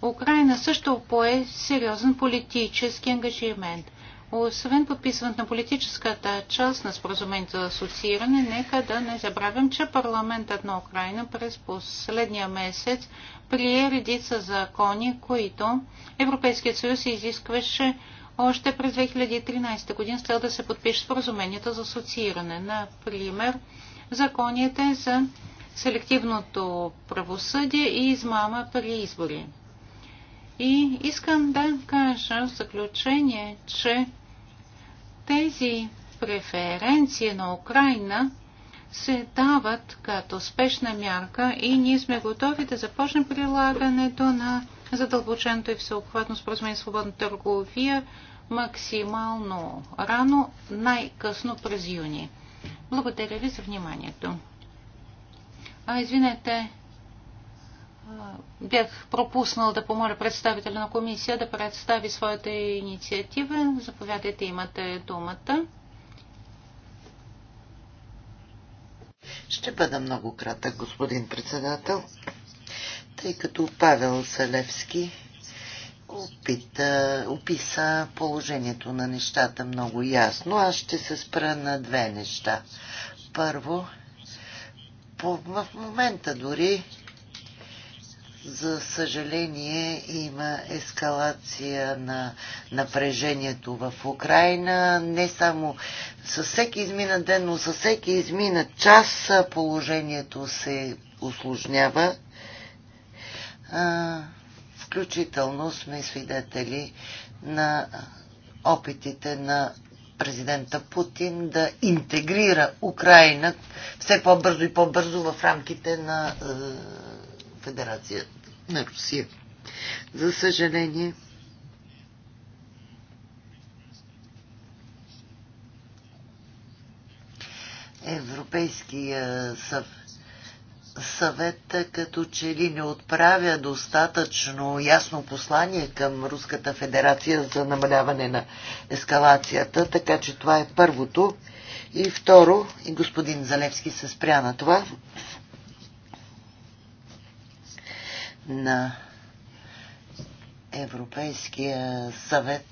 [SPEAKER 2] Украина също пое сериозен политически ангажимент. Освен подписването на политическата част на споразумението за асоцииране, нека да не забравям, че парламентът на Украина през последния месец прие редица закони, които Европейският съюз изискваше още през 2013 година с цел да се подпише споразумението за асоцииране. Например, законите за селективното правосъдие и измама при избори. И искам да кажа в заключение, че тези преференции на Украина се дават като спешна мярка и ние сме готови да започнем прилагането на задълбоченото и всеобхватно споразумение свободна търговия максимално рано, най-късно през юни. Благодаря ви за вниманието. А, извинете, бях пропуснал да помоля представителя на комисия да представи своята инициатива. Заповядайте, имате думата.
[SPEAKER 4] Ще бъда много кратък, господин председател, тъй като Павел Салевски опита, описа положението на нещата много ясно. Аз ще се спра на две неща. Първо, по, в момента дори, за съжаление, има ескалация на напрежението в Украина. Не само със всеки измина ден, но със всеки измина час положението се усложнява. Включително сме свидетели на опитите на президента Путин да интегрира Украина все по-бързо и по-бързо в рамките на е, Федерация на Русия. За съжаление, Европейския съвет съвет като че ли не отправя достатъчно ясно послание към Руската федерация за намаляване на ескалацията, така че това е първото. И второ, и господин Залевски се спря на това, на Европейския съвет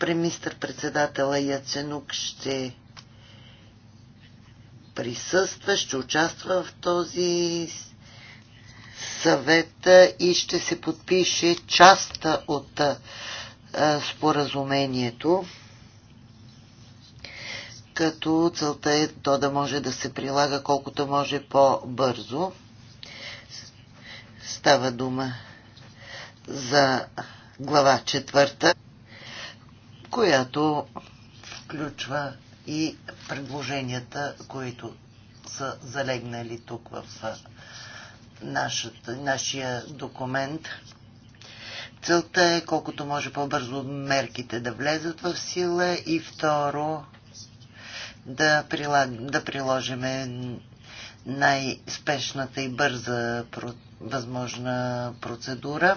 [SPEAKER 4] премистър-председателя Яценук ще присъства, ще участва в този съвет и ще се подпише част от споразумението, като целта е то да може да се прилага колкото може по-бързо. Става дума за глава четвърта, която включва и предложенията, които са залегнали тук в нашата, нашия документ. Целта е колкото може по-бързо мерките да влезат в сила и второ да, прилаг, да приложиме най-спешната и бърза възможна процедура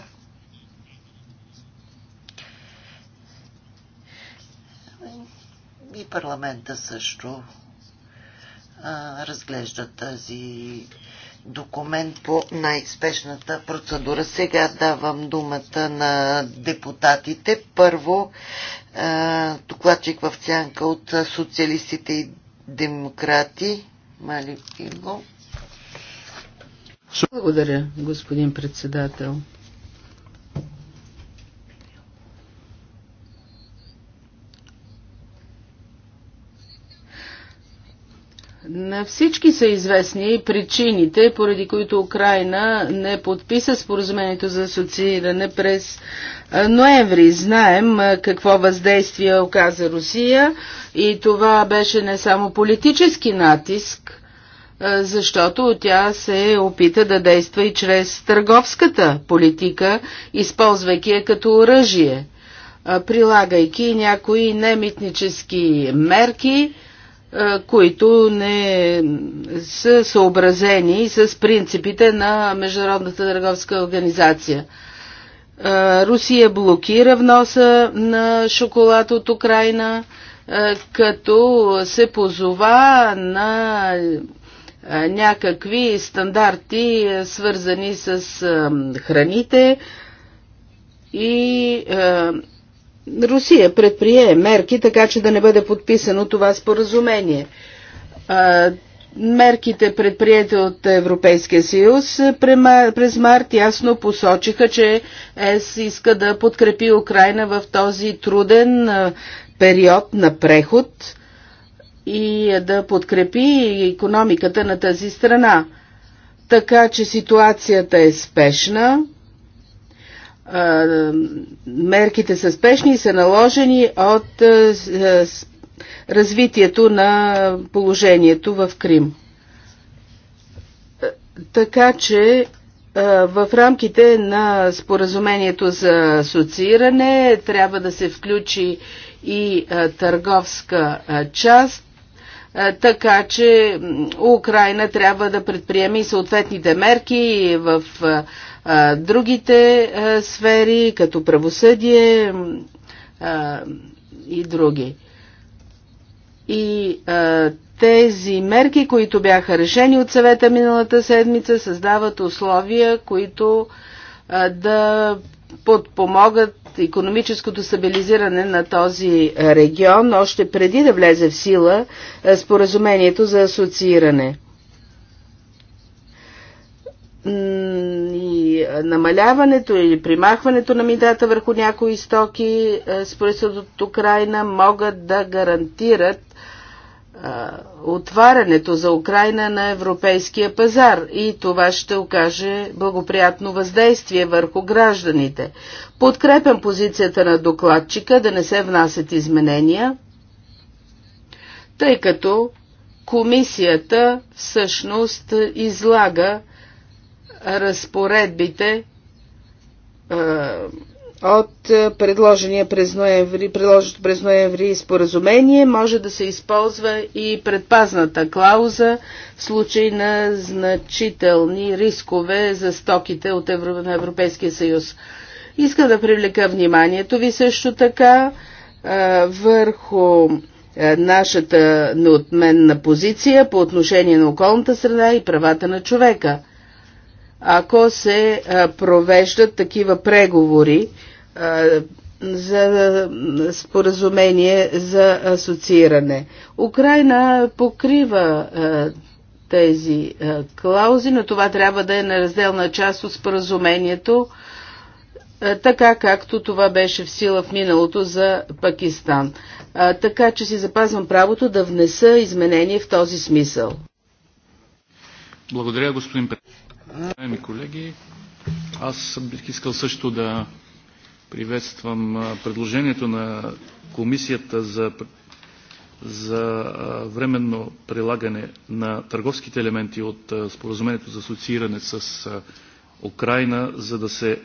[SPEAKER 4] и парламента също а, разглежда тази документ по най-спешната процедура. Сега давам думата на депутатите. Първо, докладчик в сянка от социалистите и демократи. Мали
[SPEAKER 3] Благодаря, господин председател. На всички са известни причините, поради които Украина не подписа споразумението за асоцииране през ноември. Знаем какво въздействие оказа Русия и това беше не само политически натиск, защото тя се опита да действа и чрез търговската политика, използвайки я като оръжие, прилагайки някои немитнически мерки – е, които не са съобразени с принципите на Международната търговска организация. Е, Русия блокира вноса на шоколад от Украина, е, като се позова на някакви стандарти, свързани с храните и Русия предприе мерки, така че да не бъде подписано това споразумение. А, мерките предприяти от Европейския съюз през март ясно посочиха, че ЕС иска да подкрепи Украина в този труден период на преход и да подкрепи економиката на тази страна. Така че ситуацията е спешна мерките са спешни и са наложени от развитието на положението в Крим. Така че в рамките на споразумението за асоцииране трябва да се включи и търговска част, така че Украина трябва да предприеме и съответните мерки в другите а, сфери, като правосъдие а, и други. И а, тези мерки, които бяха решени от съвета миналата седмица, създават условия, които а, да подпомогат економическото стабилизиране на този регион, още преди да влезе в сила споразумението за асоцииране намаляването или примахването на мидата върху някои стоки с происход от Украина могат да гарантират отварянето за Украина на европейския пазар и това ще окаже благоприятно въздействие върху гражданите. Подкрепям позицията на докладчика да не се внасят изменения, тъй като комисията всъщност излага разпоредбите е, от предложения през ноември, предложеното през ноември споразумение може да се използва и предпазната клауза в случай на значителни рискове за стоките от Евро, на Европейския съюз. Искам да привлека вниманието ви също така а, е, върху а, е, нашата неотменна позиция по отношение на околната среда и правата на човека – ако се провеждат такива преговори за споразумение за асоцииране. Украина покрива тези клаузи, но това трябва да е на разделна част от споразумението, така както това беше в сила в миналото за Пакистан. Така че си запазвам правото да внеса изменение в този смисъл.
[SPEAKER 1] Благодаря, господин Петров. Уважаеми колеги, аз бих искал също да приветствам предложението на Комисията за, за временно прилагане на търговските елементи от споразумението за асоцииране с Украина, за да се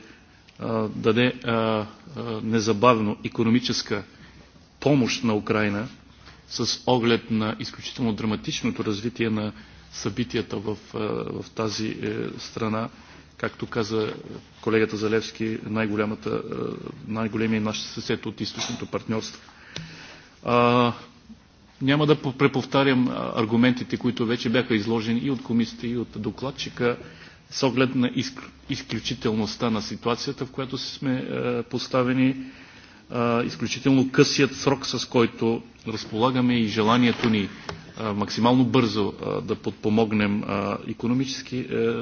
[SPEAKER 1] даде незабавно економическа помощ на Украина с оглед на изключително драматичното развитие на събитията в, в тази е, страна. Както каза колегата Залевски, най-голямата, е, най-големият наш съсед от източното партньорство. А, няма да преповтарям аргументите, които вече бяха изложени и от комисията, и от докладчика, с оглед на изключителността на ситуацията, в която сме е, поставени изключително късият срок, с който разполагаме и желанието ни максимално бързо да подпомогнем економически е,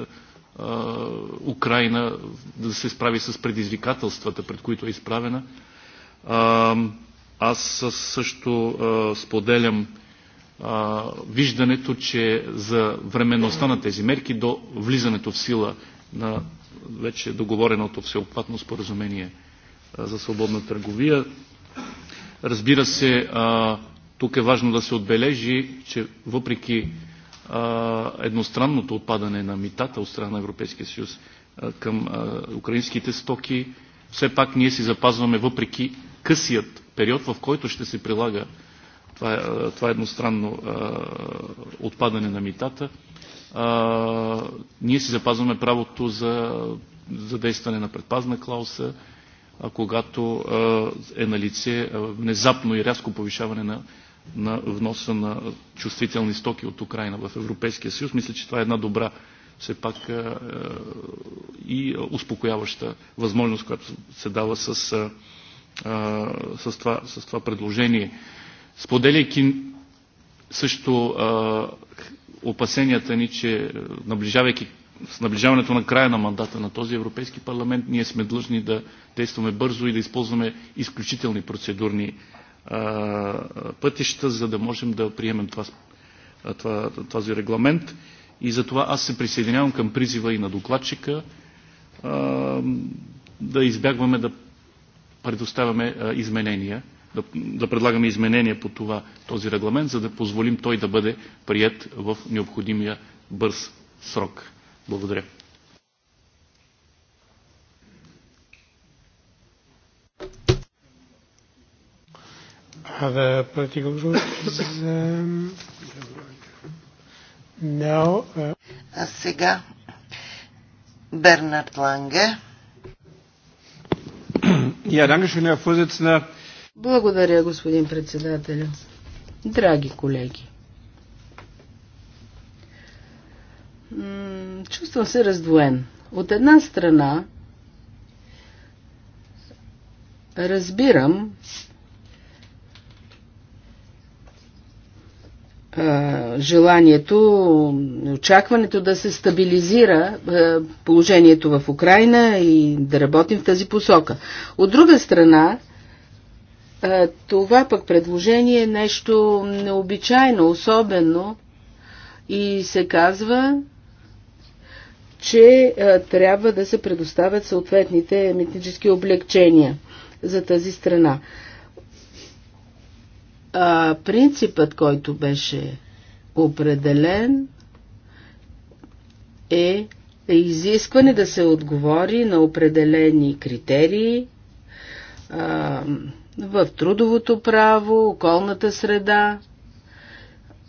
[SPEAKER 1] Украина да се справи с предизвикателствата, пред които е изправена. аз също споделям виждането, че за временността на тези мерки до влизането в сила на вече договореното всеобхватно споразумение за свободна търговия. Разбира се, тук е важно да се отбележи, че въпреки едностранното отпадане на митата от страна на Европейския съюз към украинските стоки, все пак ние си запазваме въпреки късият период, в който ще се прилага това, това едностранно отпадане на митата, ние си запазваме правото за задействане на предпазна клауса, когато е на лице внезапно и рязко повишаване на, на вноса на чувствителни стоки от Украина в Европейския съюз. Мисля, че това е една добра все пак и успокояваща възможност, която се дава с, с, това, с това предложение. Споделяйки също опасенията ни, че наближавайки с наближаването на края на мандата на този Европейски парламент ние сме длъжни да действаме бързо и да използваме изключителни процедурни а, пътища, за да можем да приемем това, това, този регламент. И затова аз се присъединявам към призива и на докладчика а, да избягваме да предоставяме а, изменения, да, да предлагаме изменения по това, този регламент, за да позволим той да бъде прият в необходимия бърз срок. Благодаря.
[SPEAKER 6] political um, now, uh...
[SPEAKER 4] А сега Бернард Ланге. Благодаря,
[SPEAKER 3] господин председател. Драги колеги, Чувствам се раздвоен. От една страна разбирам желанието, очакването да се стабилизира положението в Украина и да работим в тази посока. От друга страна, това пък предложение е нещо необичайно, особено и се казва, че а, е, трябва да се предоставят съответните митнически облегчения за тази страна. А, принципът, който беше определен, е изискване да се отговори на определени критерии а, в трудовото право, околната среда,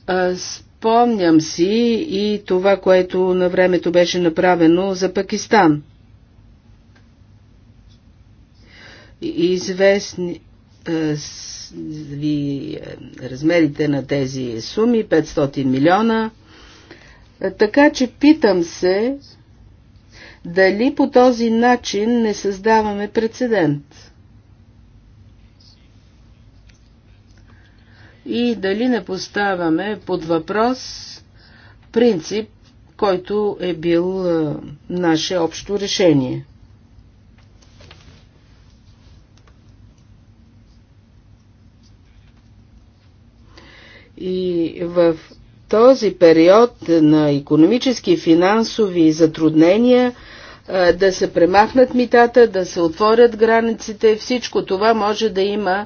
[SPEAKER 3] а, Спомням си и това, което на времето беше направено за Пакистан. Известни размерите на тези суми 500 милиона. Така че питам се дали по този начин не създаваме прецедент. и дали не поставяме под въпрос принцип, който е бил е, наше общо решение. И в този период на економически и финансови затруднения е, да се премахнат митата, да се отворят границите, всичко това може да има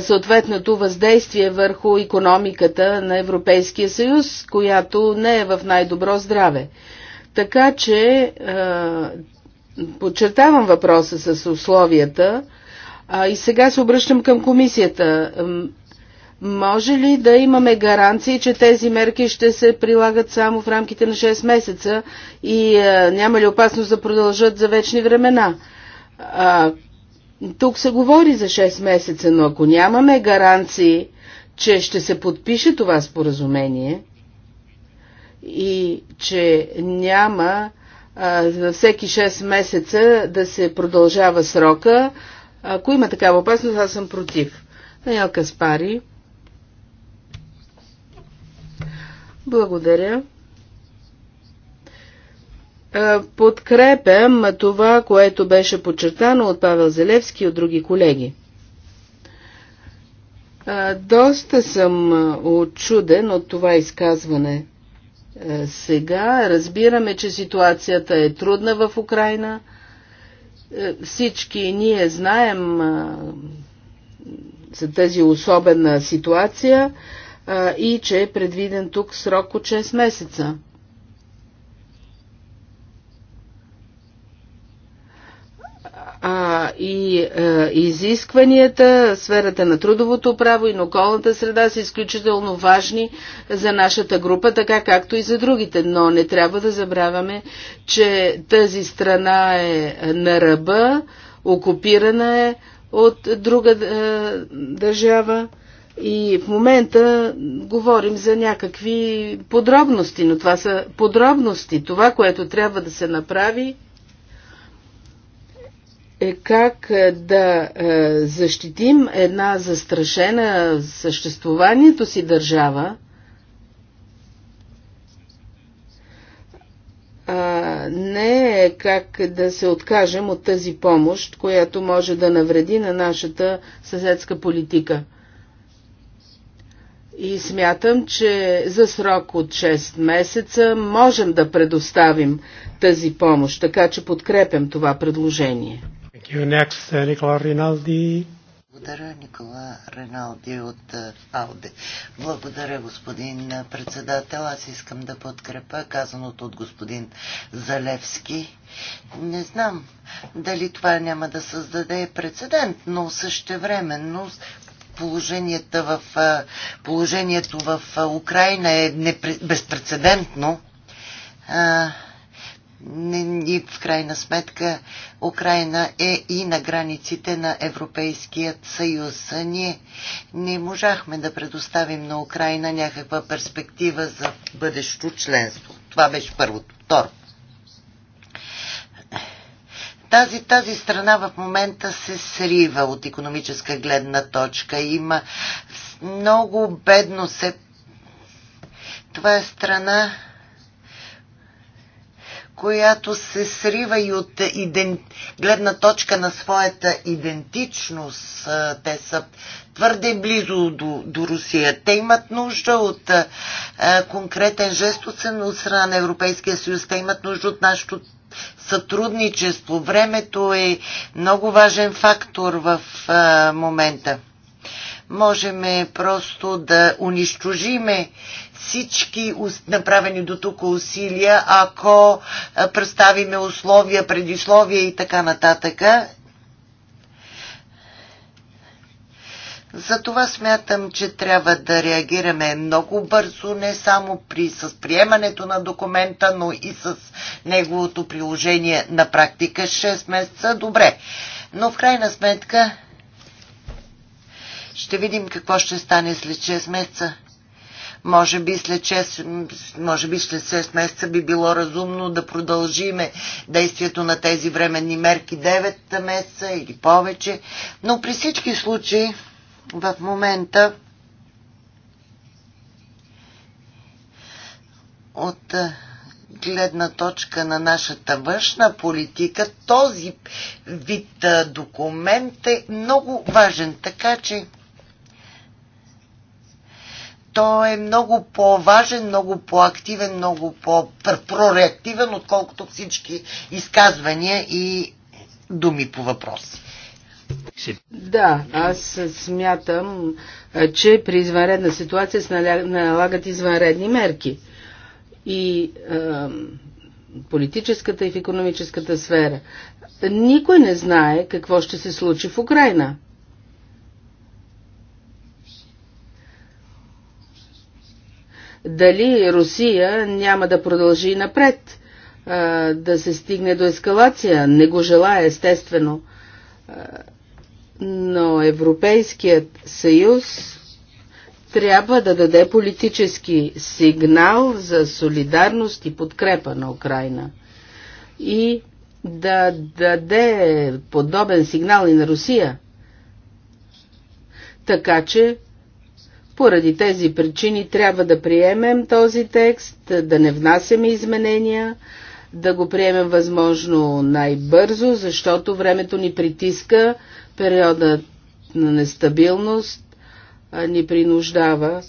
[SPEAKER 3] съответното въздействие върху економиката на Европейския съюз, която не е в най-добро здраве. Така че подчертавам въпроса с условията и сега се обръщам към комисията. Може ли да имаме гаранции, че тези мерки ще се прилагат само в рамките на 6 месеца и няма ли опасност да продължат за вечни времена? Тук се говори за 6 месеца, но ако нямаме гаранции, че ще се подпише това споразумение и че няма във всеки 6 месеца да се продължава срока, ако има такава опасност, аз съм против. Наялка Каспари. Благодаря. Е, подкрепям това, което беше подчертано от Павел Зелевски и от други колеги. Е, доста съм е, очуден от това изказване. Сега разбираме, че ситуацията е трудна в Украина. Всички ние знаем за тази особена ситуация и че е предвиден тук срок от 6 месеца. а, и а, изискванията, сферата на трудовото право и на околната среда са изключително важни за нашата група, така както и за другите. Но не трябва да забравяме, че тази страна е на ръба, окупирана е от друга а, държава. И в момента говорим за някакви подробности, но това са подробности. Това, което трябва да се направи е как е, да е, защитим една застрашена съществуванието си държава, а, не е как да се откажем от тази помощ, която може да навреди на нашата съседска политика. И смятам, че за срок от 6 месеца можем да предоставим тази помощ, така че подкрепям това предложение.
[SPEAKER 6] Thank you. Next, uh, Nicola Rinaldi.
[SPEAKER 4] Благодаря, Никола Реналди от Алде. Благодаря, господин председател. Аз искам да подкрепя казаното от господин Залевски. Не знам дали това няма да създаде прецедент, но същевременно положението в, положението в Украина е безпредседентно. И в крайна сметка Украина е и на границите на Европейският съюз. Ние не можахме да предоставим на Украина някаква перспектива за бъдещо членство. Това беше първото. Второ. Тази, тази страна в момента се срива от економическа гледна точка. Има много бедно се. Това е страна, която се срива и от иден... гледна точка на своята идентичност. Те са твърде близо до, до Русия. Те имат нужда от а, конкретен жест от страна на Европейския съюз. Те имат нужда от нашето сътрудничество. Времето е много важен фактор в а, момента можем просто да унищожиме всички направени до тук усилия, ако представиме условия, предисловия и така нататък. Затова смятам, че трябва да реагираме много бързо, не само при, с приемането на документа, но и с неговото приложение на практика 6 месеца. Добре, но в крайна сметка ще видим какво ще стане след 6 месеца. Може би след 6, може би след 6 месеца би било разумно да продължиме действието на тези временни мерки 9 месеца или повече, но при всички случаи в момента от гледна точка на нашата външна политика, този вид документ е много важен. Така че той е много по-важен, много по-активен, много по-прореактивен, отколкото всички изказвания и думи по въпроси.
[SPEAKER 3] Да, аз смятам, че при извънредна ситуация се налагат извънредни мерки. И е, политическата и в економическата сфера. Никой не знае какво ще се случи в Украина. дали Русия няма да продължи напред, да се стигне до ескалация. Не го желая, естествено. Но Европейският съюз трябва да даде политически сигнал за солидарност и подкрепа на Украина. И да даде подобен сигнал и на Русия. Така че поради тези причини трябва да приемем този текст, да не внасяме изменения, да го приемем възможно най-бързо, защото времето ни притиска, периода на нестабилност ни принуждава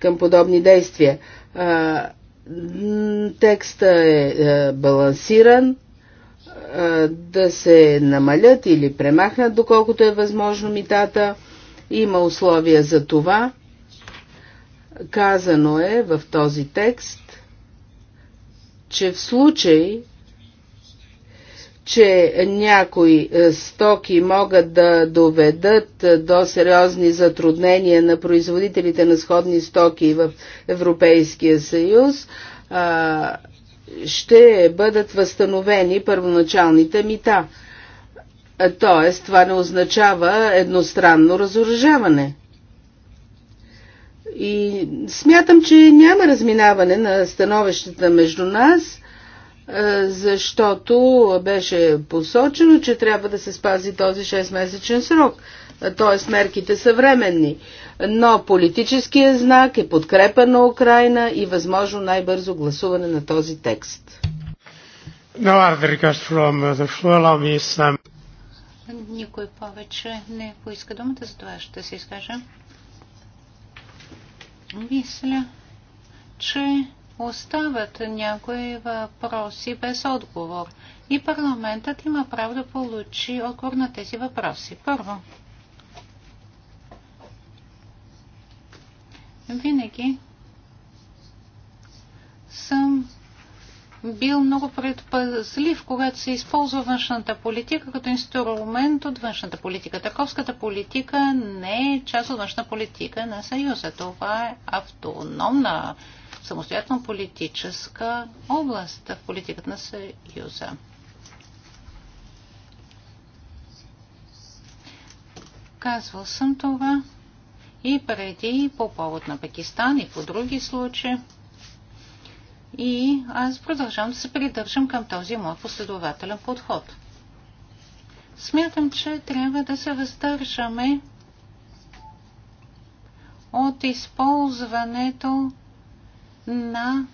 [SPEAKER 3] към подобни действия. Текста е, е балансиран, да се намалят или премахнат, доколкото е възможно митата. Има условия за това Казано е в този текст, че в случай, че някои е, стоки могат да доведат е, до сериозни затруднения на производителите на сходни стоки в Европейския съюз, ще бъдат възстановени първоначалните мита. Тоест, това не означава едностранно разоръжаване. И смятам, че няма разминаване на становищата между нас, е, защото беше посочено, че трябва да се спази този 6-месечен срок. Т.е. мерките са временни. Но политическия знак е подкрепа на Украина и възможно най-бързо гласуване на този текст.
[SPEAKER 2] Никой повече не поиска думата, за това ще се изкажа. Мисля, че остават някои въпроси без отговор и парламентът има право да получи отговор на тези въпроси. Първо, винаги съм бил много предпазлив, когато се използва външната политика като инструмент от външната политика. Търковската политика не е част от външна политика на Съюза. Това е автономна, самостоятелна политическа област в политиката на Съюза. Казвал съм това и преди по повод на Пакистан и по други случаи. И аз продължавам да се придържам към този мой последователен подход. Смятам, че трябва да се въздържаме от използването на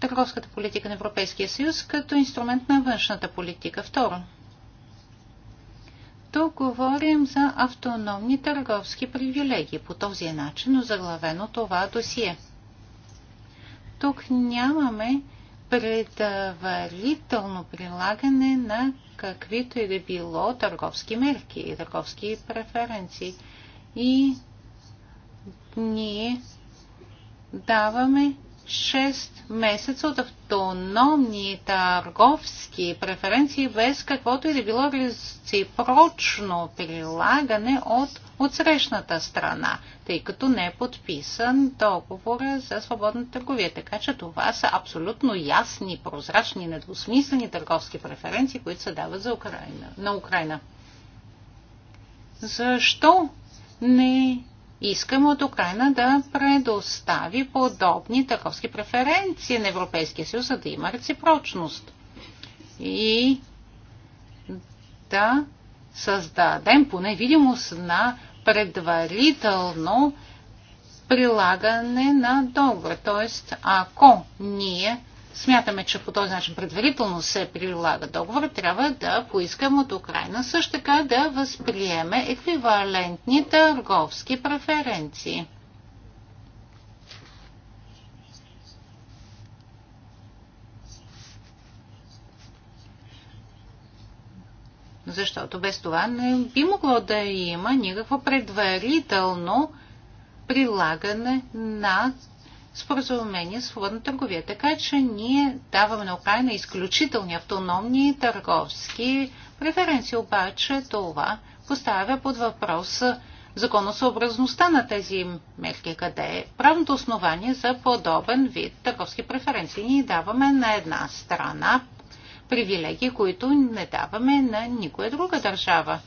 [SPEAKER 2] търговската политика на Европейския съюз като инструмент на външната политика. Второ, тук говорим за автономни търговски привилегии. По този начин озаглавено е това досие – тук нямаме предварително прилагане на каквито и да било търговски мерки и търговски преференции. И ние даваме 6 месеца от автономни търговски преференции без каквото и да било реципрочно прилагане от от срещната страна, тъй като не е подписан договор за свободна търговия. Така че това са абсолютно ясни, прозрачни, недвусмислени търговски преференции, които се дават за Украина, на Украина. Защо не искаме от Украина да предостави подобни търговски преференции на Европейския съюз, за да има реципрочност? И да създадем поне видимост на предварително прилагане на договор. Тоест, ако ние смятаме, че по този начин предварително се прилага договор, трябва да поискам от Украина също така да възприеме еквивалентни търговски преференции. Защото без това не би могло да има никакво предварително прилагане на споразумение с свободна търговия. Така че ние даваме на Украина изключителни автономни търговски преференции, обаче това поставя под въпрос законосъобразността на тези мерки, къде е правното основание за подобен вид търговски преференции. Ние даваме на една страна привилегии, които не даваме на никоя друга държава.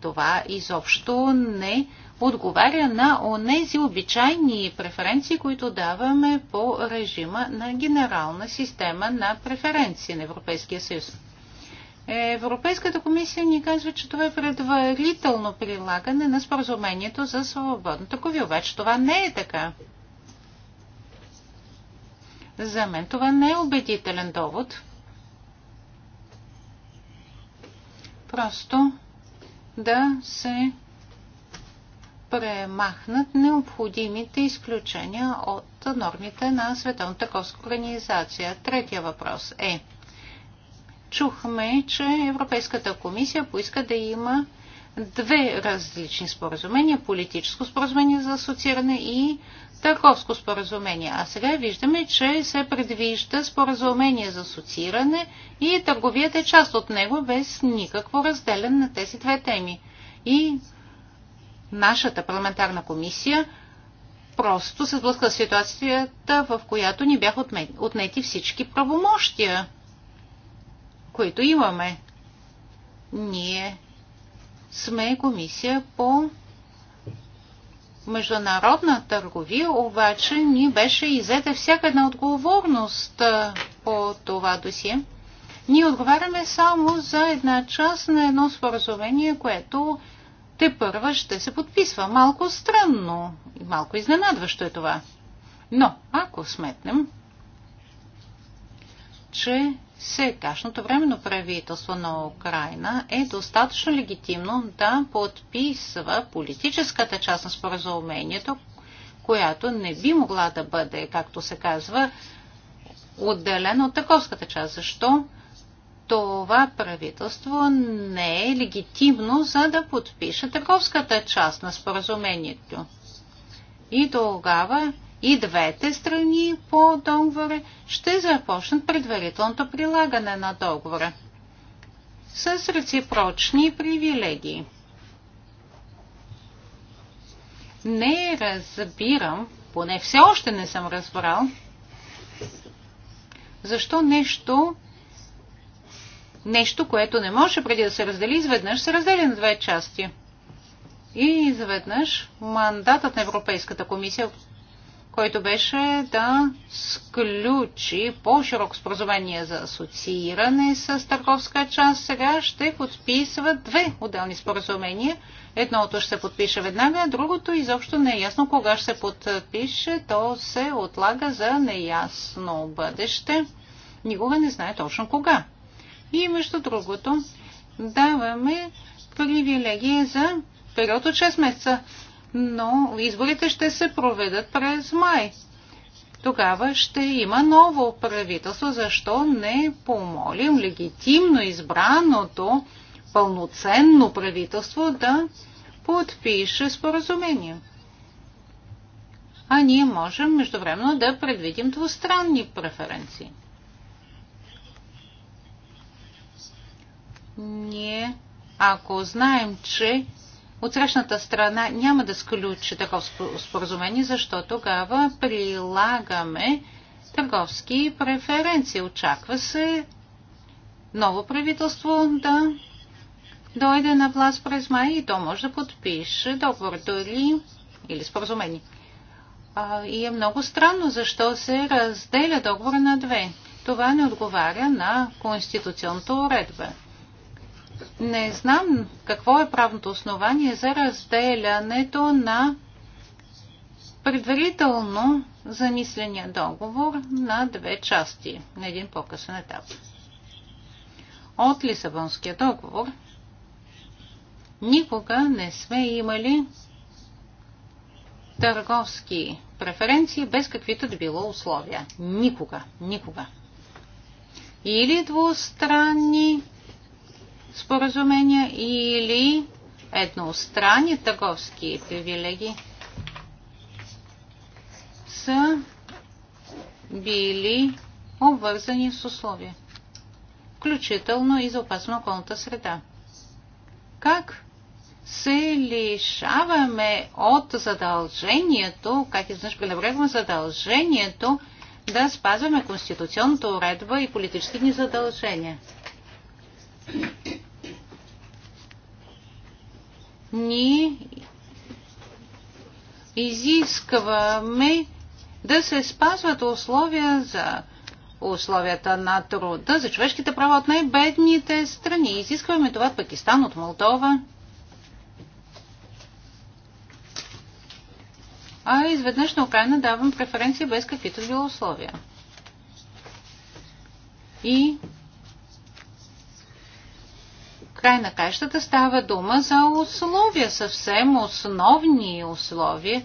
[SPEAKER 2] Това изобщо не отговаря на онези обичайни преференции, които даваме по режима на генерална система на преференции на Европейския съюз. Европейската комисия ни казва, че това е предварително прилагане на споразумението за свободно. Такови Обаче това не е така. За мен това не е убедителен довод. Просто да се премахнат необходимите изключения от нормите на Световната търговска организация. Третия въпрос е. Чухме, че Европейската комисия поиска да има две различни споразумения. Политическо споразумение за асоцииране и търговско споразумение. А сега виждаме, че се предвижда споразумение за асоцииране и търговията е част от него без никакво разделен на тези две теми. И нашата парламентарна комисия просто се сблъска с ситуацията, в която ни бяха отнети всички правомощия, които имаме. Ние сме комисия по международна търговия обаче ни беше иззета всяка една отговорност по това досие. Ние отговаряме само за една част на едно споразумение, което те първа ще се подписва. Малко странно и малко изненадващо е това. Но ако сметнем, че сегашното временно правителство на Украина е достатъчно легитимно да подписва политическата част на споразумението, която не би могла да бъде, както се казва, отделена от търговската част. Защо това правителство не е легитимно за да подпише търговската част на споразумението? И тогава и двете страни по договора ще започнат предварителното прилагане на договора с реципрочни привилегии. Не разбирам, поне все още не съм разбрал, защо нещо, нещо, което не може преди да се раздели, изведнъж се разделя на две части. И изведнъж мандатът на Европейската комисия който беше да сключи по-широко споразумение за асоцииране с търговска част. Сега ще подписва две отделни споразумения. Едното ще се подпише веднага, другото изобщо не е ясно кога ще се подпише. То се отлага за неясно бъдеще. Никога не знае точно кога. И между другото, даваме привилегия за период от 6 месеца но изборите ще се проведат през май. Тогава ще има ново правителство. Защо не помолим легитимно избраното пълноценно правителство да подпише споразумение? А ние можем междувременно да предвидим двустранни преференции. Ние, ако знаем, че отсрещната страна няма да сключи такова споразумение, защото тогава прилагаме търговски преференции. Очаква се ново правителство да дойде на власт през май и то може да подпише договор дори или споразумение. А, и е много странно защо се разделя договор на две. Това не отговаря на конституционната уредба не знам какво е правното основание за разделянето на предварително замисления договор на две части на един по-късен етап. От Лисабонския договор никога не сме имали търговски преференции без каквито да било условия. Никога, никога. Или двустранни споразумения или едностранни търговски привилегии са били обвързани с условия, включително и за опасно околната среда. Как се лишаваме от задължението, как изнъж пренебрегваме задължението да спазваме конституционната уредба и политическите ни задължения? ние изискваме да се спазват условия за условията на труда, за човешките права от най-бедните страни. Изискваме това от Пакистан, от Молдова. А изведнъж на Украина давам преференция без каквито било условия. И край на кащата става дума за условия, съвсем основни условия.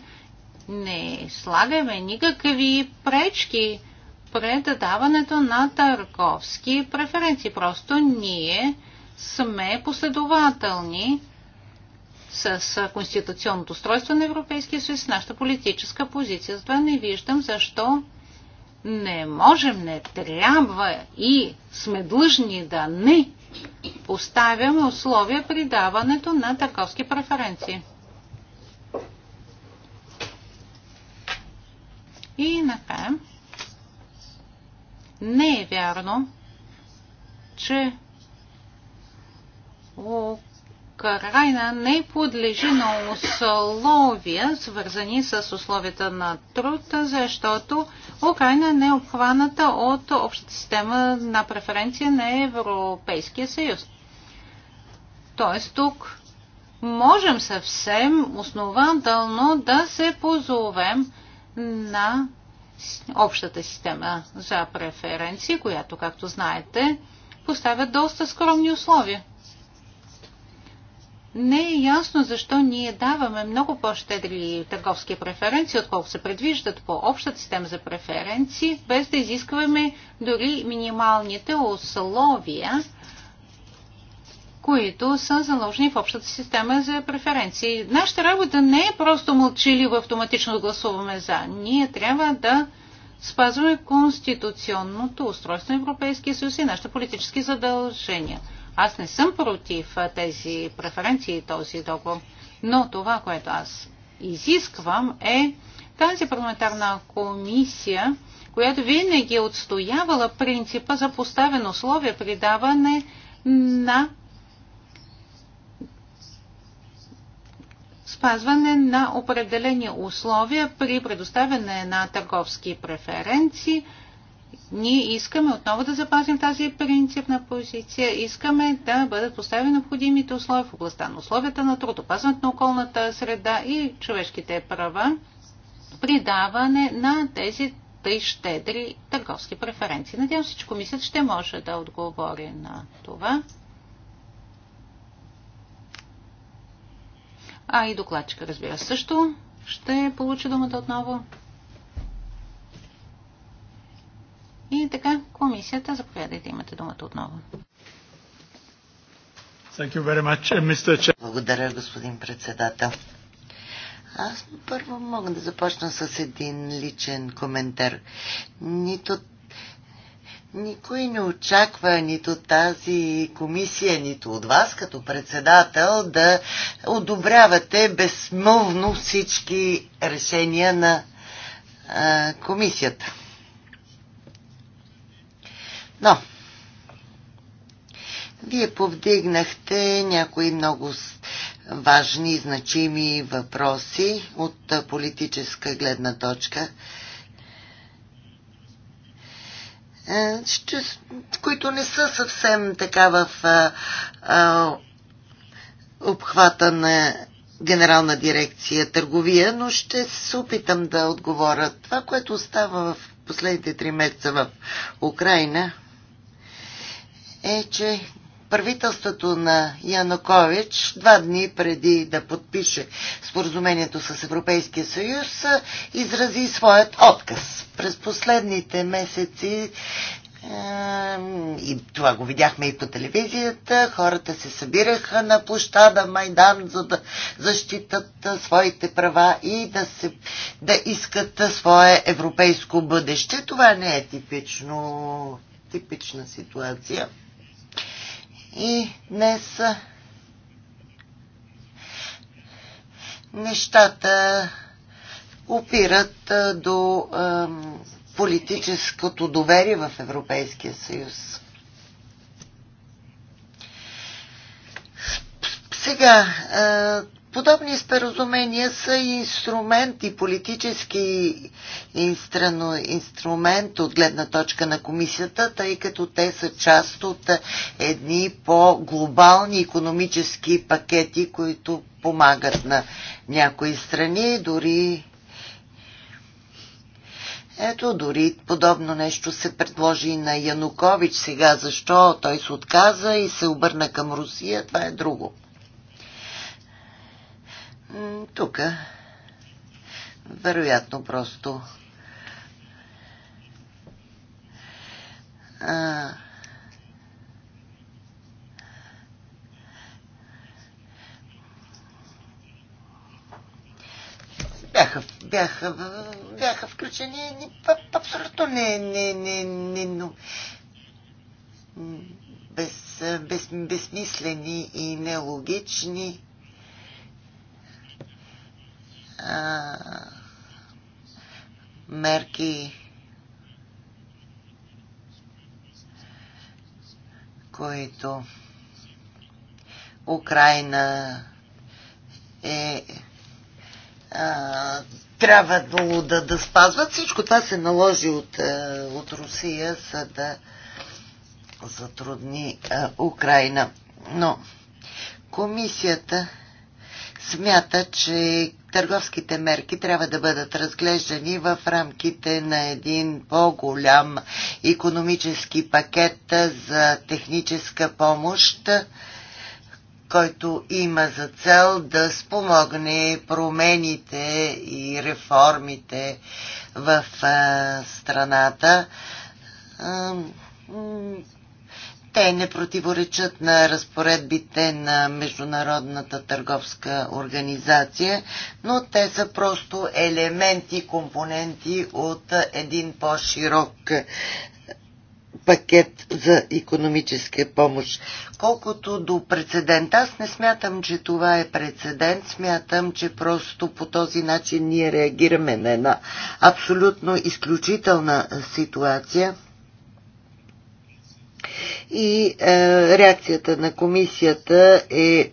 [SPEAKER 2] Не слагаме никакви пречки пред даването на търговски преференции. Просто ние сме последователни с конституционното устройство на Европейския съюз, с нашата политическа позиция. Затова не виждам защо не можем, не трябва и сме длъжни да не поставяме условия при даването на търговски преференции. И накрая, не е вярно, че Украина не подлежи на условия, свързани с условията на труд, защото Украина не е обхваната от общата система на преференция на Европейския съюз. Тоест тук можем съвсем основателно да се позовем на общата система за преференции, която, както знаете, поставя доста скромни условия. Не е ясно защо ние даваме много по-щедри търговски преференции, отколкото се предвиждат по общата система за преференции, без да изискваме дори минималните условия които са заложени в общата система за преференции. Нашата работа не е просто мълчаливо автоматично да гласуваме за. Ние трябва да спазваме конституционното устройство на Европейския съюз и нашите политически задължения. Аз не съм против тези преференции и този договор, но това, което аз изисквам е тази парламентарна комисия, която винаги е отстоявала принципа за поставено условие при даване на спазване на определени условия при предоставяне на търговски преференции. Ние искаме отново да запазим тази принципна позиция. Искаме да бъдат поставени необходимите условия в областта на условията на труд, опазването на околната среда и човешките права при даване на тези тъй щедри търговски преференции. Надявам се, че комисията ще може да отговори на това. А и докладчика, разбира се, също ще получи думата отново. И така, комисията, заповядайте, имате думата отново.
[SPEAKER 4] Much, eh, Благодаря, господин председател. Аз първо мога да започна с един личен коментар. Нито никой не очаква нито тази комисия, нито от вас като председател да одобрявате безмълвно всички решения на а, комисията. Но, вие повдигнахте някои много важни и значими въпроси от политическа гледна точка. Е, ще, които не са съвсем така в а, а, обхвата на Генерална дирекция търговия, но ще се опитам да отговоря. Това, което остава в последните три месеца в Украина, е, че правителството на Янукович два дни преди да подпише споразумението с Европейския съюз изрази своят отказ. През последните месеци и това го видяхме и по телевизията, хората се събираха на площада Майдан, за да защитат своите права и да, се, да искат свое европейско бъдеще. Това не е типично, типична ситуация. И днес нещата опират до политическото доверие в Европейския съюз. Сега, Подобни споразумения са инструмент и политически инстрано, инструмент от гледна точка на комисията, тъй като те са част от едни по-глобални економически пакети, които помагат на някои страни, дори ето, дори подобно нещо се предложи и на Янукович сега. Защо той се отказа и се обърна към Русия, това е друго. Тук вероятно просто бяха, бяха, бяха включени абсолютно не, не, не, не, но без, без, безмислени и нелогични а, мерки, които Украина е а, трябва да, да, да спазват. Всичко това се наложи от, от Русия, за да затрудни а, Украина. Но комисията смята, че търговските мерки трябва да бъдат разглеждани в рамките на един по-голям економически пакет за техническа помощ, който има за цел да спомогне промените и реформите в страната те не противоречат на разпоредбите на Международната търговска организация, но те са просто елементи, компоненти от един по-широк пакет за економическа помощ. Колкото до прецедент, аз не смятам, че това е прецедент, смятам, че просто по този начин ние реагираме на една абсолютно изключителна ситуация и е, реакцията на комисията е, е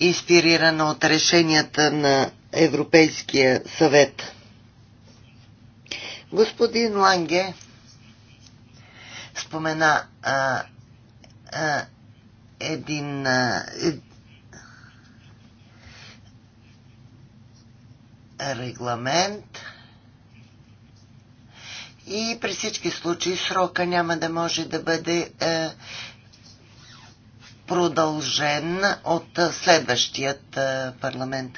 [SPEAKER 4] инспирирана от решенията на Европейския съвет. Господин Ланге спомена а, е, а, е, един а, е, регламент, и при всички случаи срока няма да може да бъде е, продължен от е, следващият е, парламент.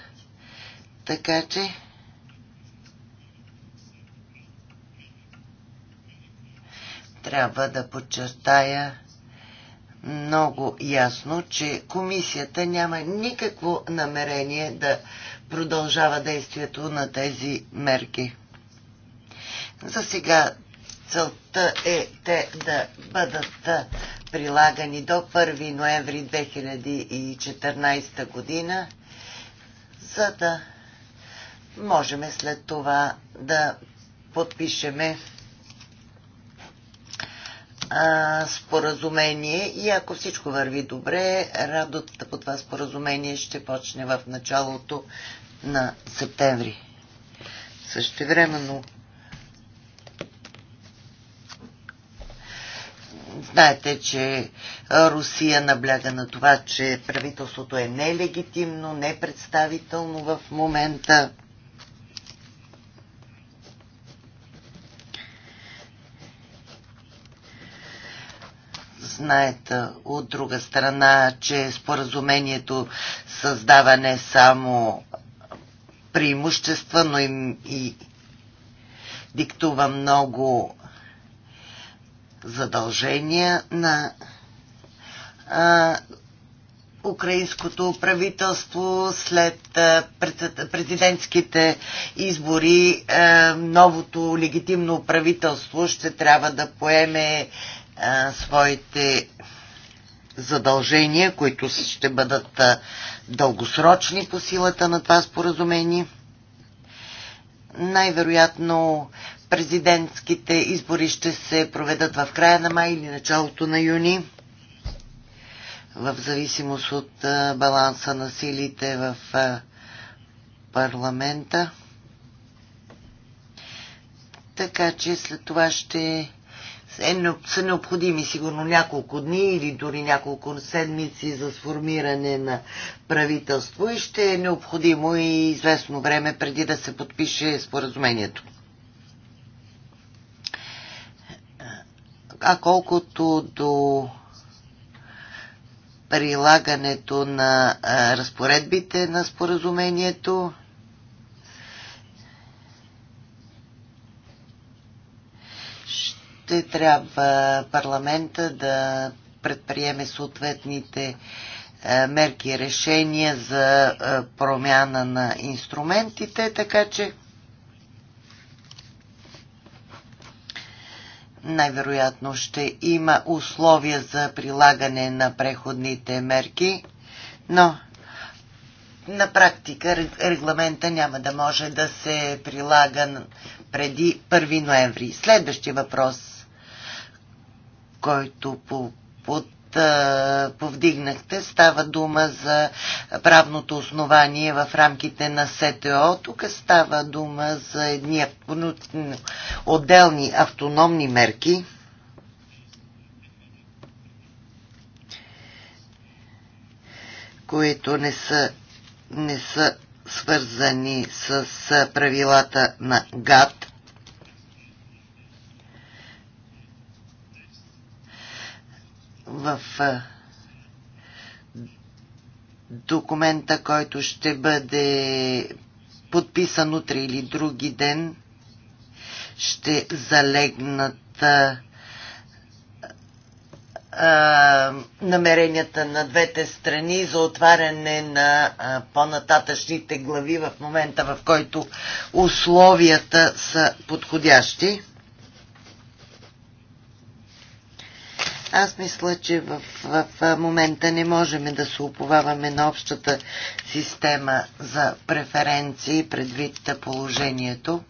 [SPEAKER 4] Така че. Трябва да подчертая много ясно, че комисията няма никакво намерение да продължава действието на тези мерки. За сега целта е те да бъдат прилагани до 1 ноември 2014 година, за да можем след това да подпишеме споразумение и ако всичко върви добре, радостта по това споразумение ще почне в началото на септември. Също времено. Знаете, че Русия набляга на това, че правителството е нелегитимно, непредставително в момента. Знаете, от друга страна, че споразумението създава не само преимущества, но и диктува много задължения на а, украинското правителство след президентските избори новото легитимно правителство ще трябва да поеме своите задължения, които ще бъдат дългосрочни по силата на това споразумение. Най-вероятно президентските избори ще се проведат в края на май или началото на юни, в зависимост от баланса на силите в парламента. Така че след това ще е, са необходими сигурно няколко дни или дори няколко седмици за сформиране на правителство и ще е необходимо и известно време преди да се подпише споразумението. а колкото до прилагането на разпоредбите на споразумението, ще трябва парламента да предприеме съответните мерки и решения за промяна на инструментите, така че най-вероятно ще има условия за прилагане на преходните мерки, но на практика регламента няма да може да се прилага преди 1 ноември. Следващия въпрос, който по, по повдигнахте. Става дума за правното основание в рамките на СТО. Тук става дума за едни отделни автономни мерки. които не са, не са свързани с правилата на ГАТ, в документа, който ще бъде подписан утре или други ден, ще залегнат намеренията на двете страни за отваряне на по-нататъчните глави в момента, в който условията са подходящи. Аз мисля, че в, в, в момента не можем да се уповаваме на общата система за преференции предвид положението.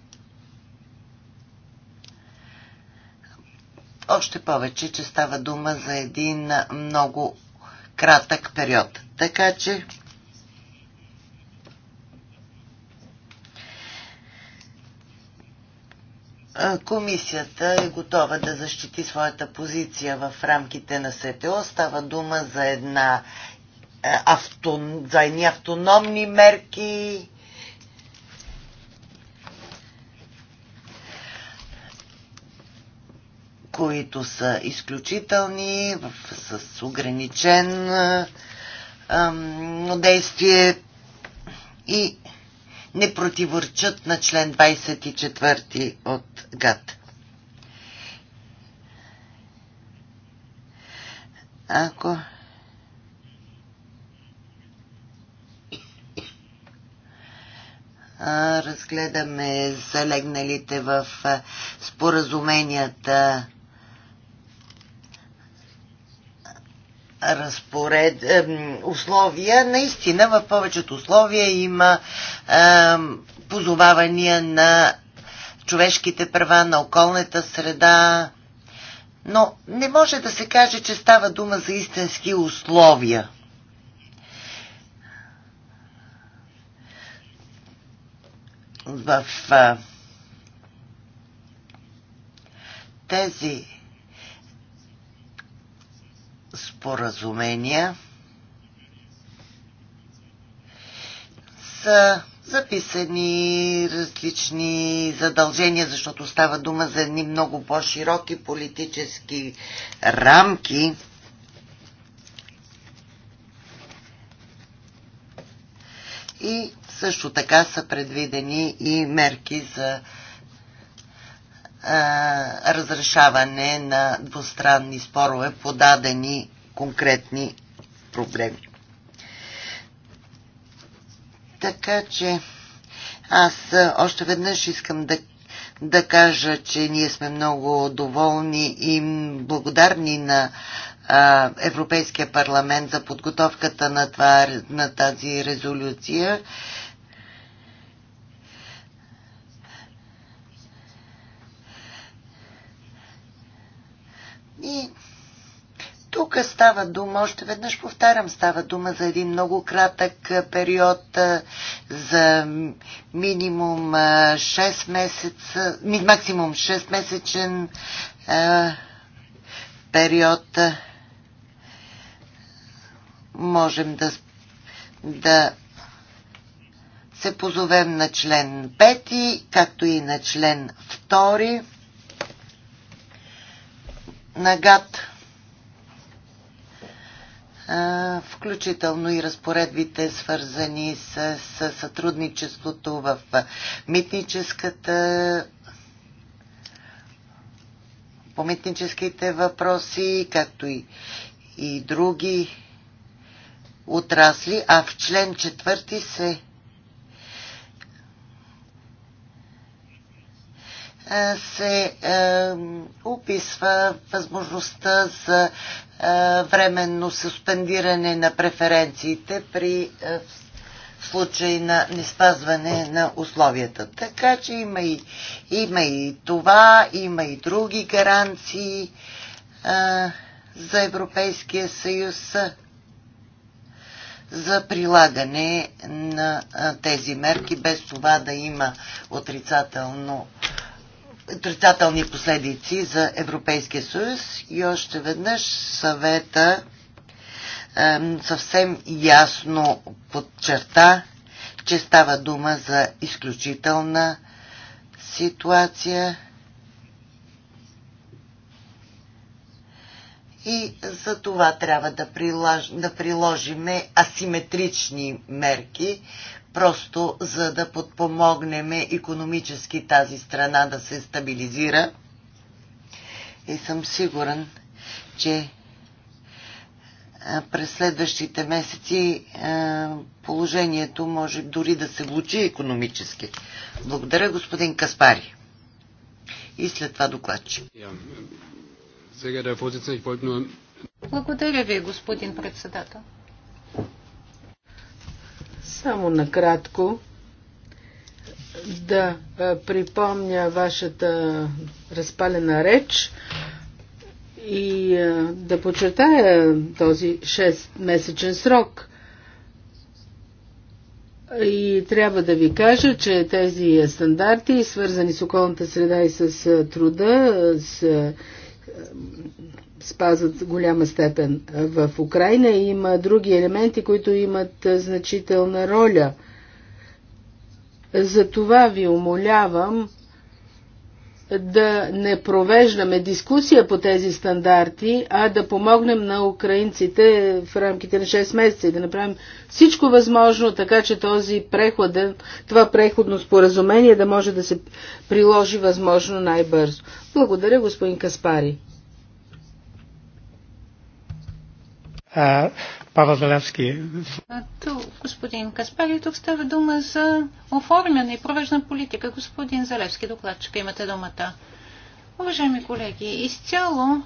[SPEAKER 4] Още повече, че става дума за един много кратък период. Така че Комисията е готова да защити своята позиция в рамките на СТО. Става дума за, една, е, авто, за едни автономни мерки. които са изключителни, с ограничен е, ам, действие и не противоречат на член 24 от ГАТ. Ако разгледаме залегналите в споразуменията разпоред, е, условия, наистина в повечето условия има е, позовавания на човешките права, на околната среда, но не може да се каже, че става дума за истински условия. В а, е, тези споразумения са записани различни задължения, защото става дума за едни много по-широки политически рамки. И също така са предвидени и мерки за а, разрешаване на двустранни спорове, подадени конкретни проблеми. Така че аз още веднъж искам да, да кажа, че ние сме много доволни и благодарни на а, Европейския парламент за подготовката на, това, на тази резолюция. И тук става дума, още веднъж повтарям, става дума за един много кратък период, за минимум 6 месеца, максимум 6 месечен период. Можем да, да се позовем на член 5, както и на член 2 на ГАТ включително и разпоредбите свързани с, с сътрудничеството в митническата по митническите въпроси, както и, и други отрасли, а в член четвърти се се е, описва възможността за е, временно суспендиране на преференциите при е, случай на неспазване на условията. Така че има и, има и това, има и други гаранции а, за Европейския съюз за прилагане на а, тези мерки, без това да има отрицателно отрицателни последици за Европейския съюз и още веднъж съвета съвсем ясно подчерта, че става дума за изключителна ситуация и за това трябва да, прилож, да приложиме асиметрични мерки, просто за да подпомогнем економически тази страна да се стабилизира. И съм сигурен, че през следващите месеци положението може дори да се влучи економически. Благодаря, господин Каспари. И след това докладчик.
[SPEAKER 2] Благодаря ви, господин председател.
[SPEAKER 3] Само накратко да припомня вашата разпалена реч и да подчертая този 6-месечен срок. И трябва да ви кажа, че тези стандарти, свързани с околната среда и с труда, с спазват голяма степен. В Украина има други елементи, които имат значителна роля. Затова ви умолявам да не провеждаме дискусия по тези стандарти, а да помогнем на украинците в рамките на 6 месеца и да направим всичко възможно, така че този преход, това преходно споразумение да може да се приложи възможно най-бързо. Благодаря, господин Каспари.
[SPEAKER 6] Павел Залевски.
[SPEAKER 2] Тук, господин Каспари, тук става дума за оформяне и провежна политика. Господин Залевски, докладчика, имате думата. Уважаеми колеги, изцяло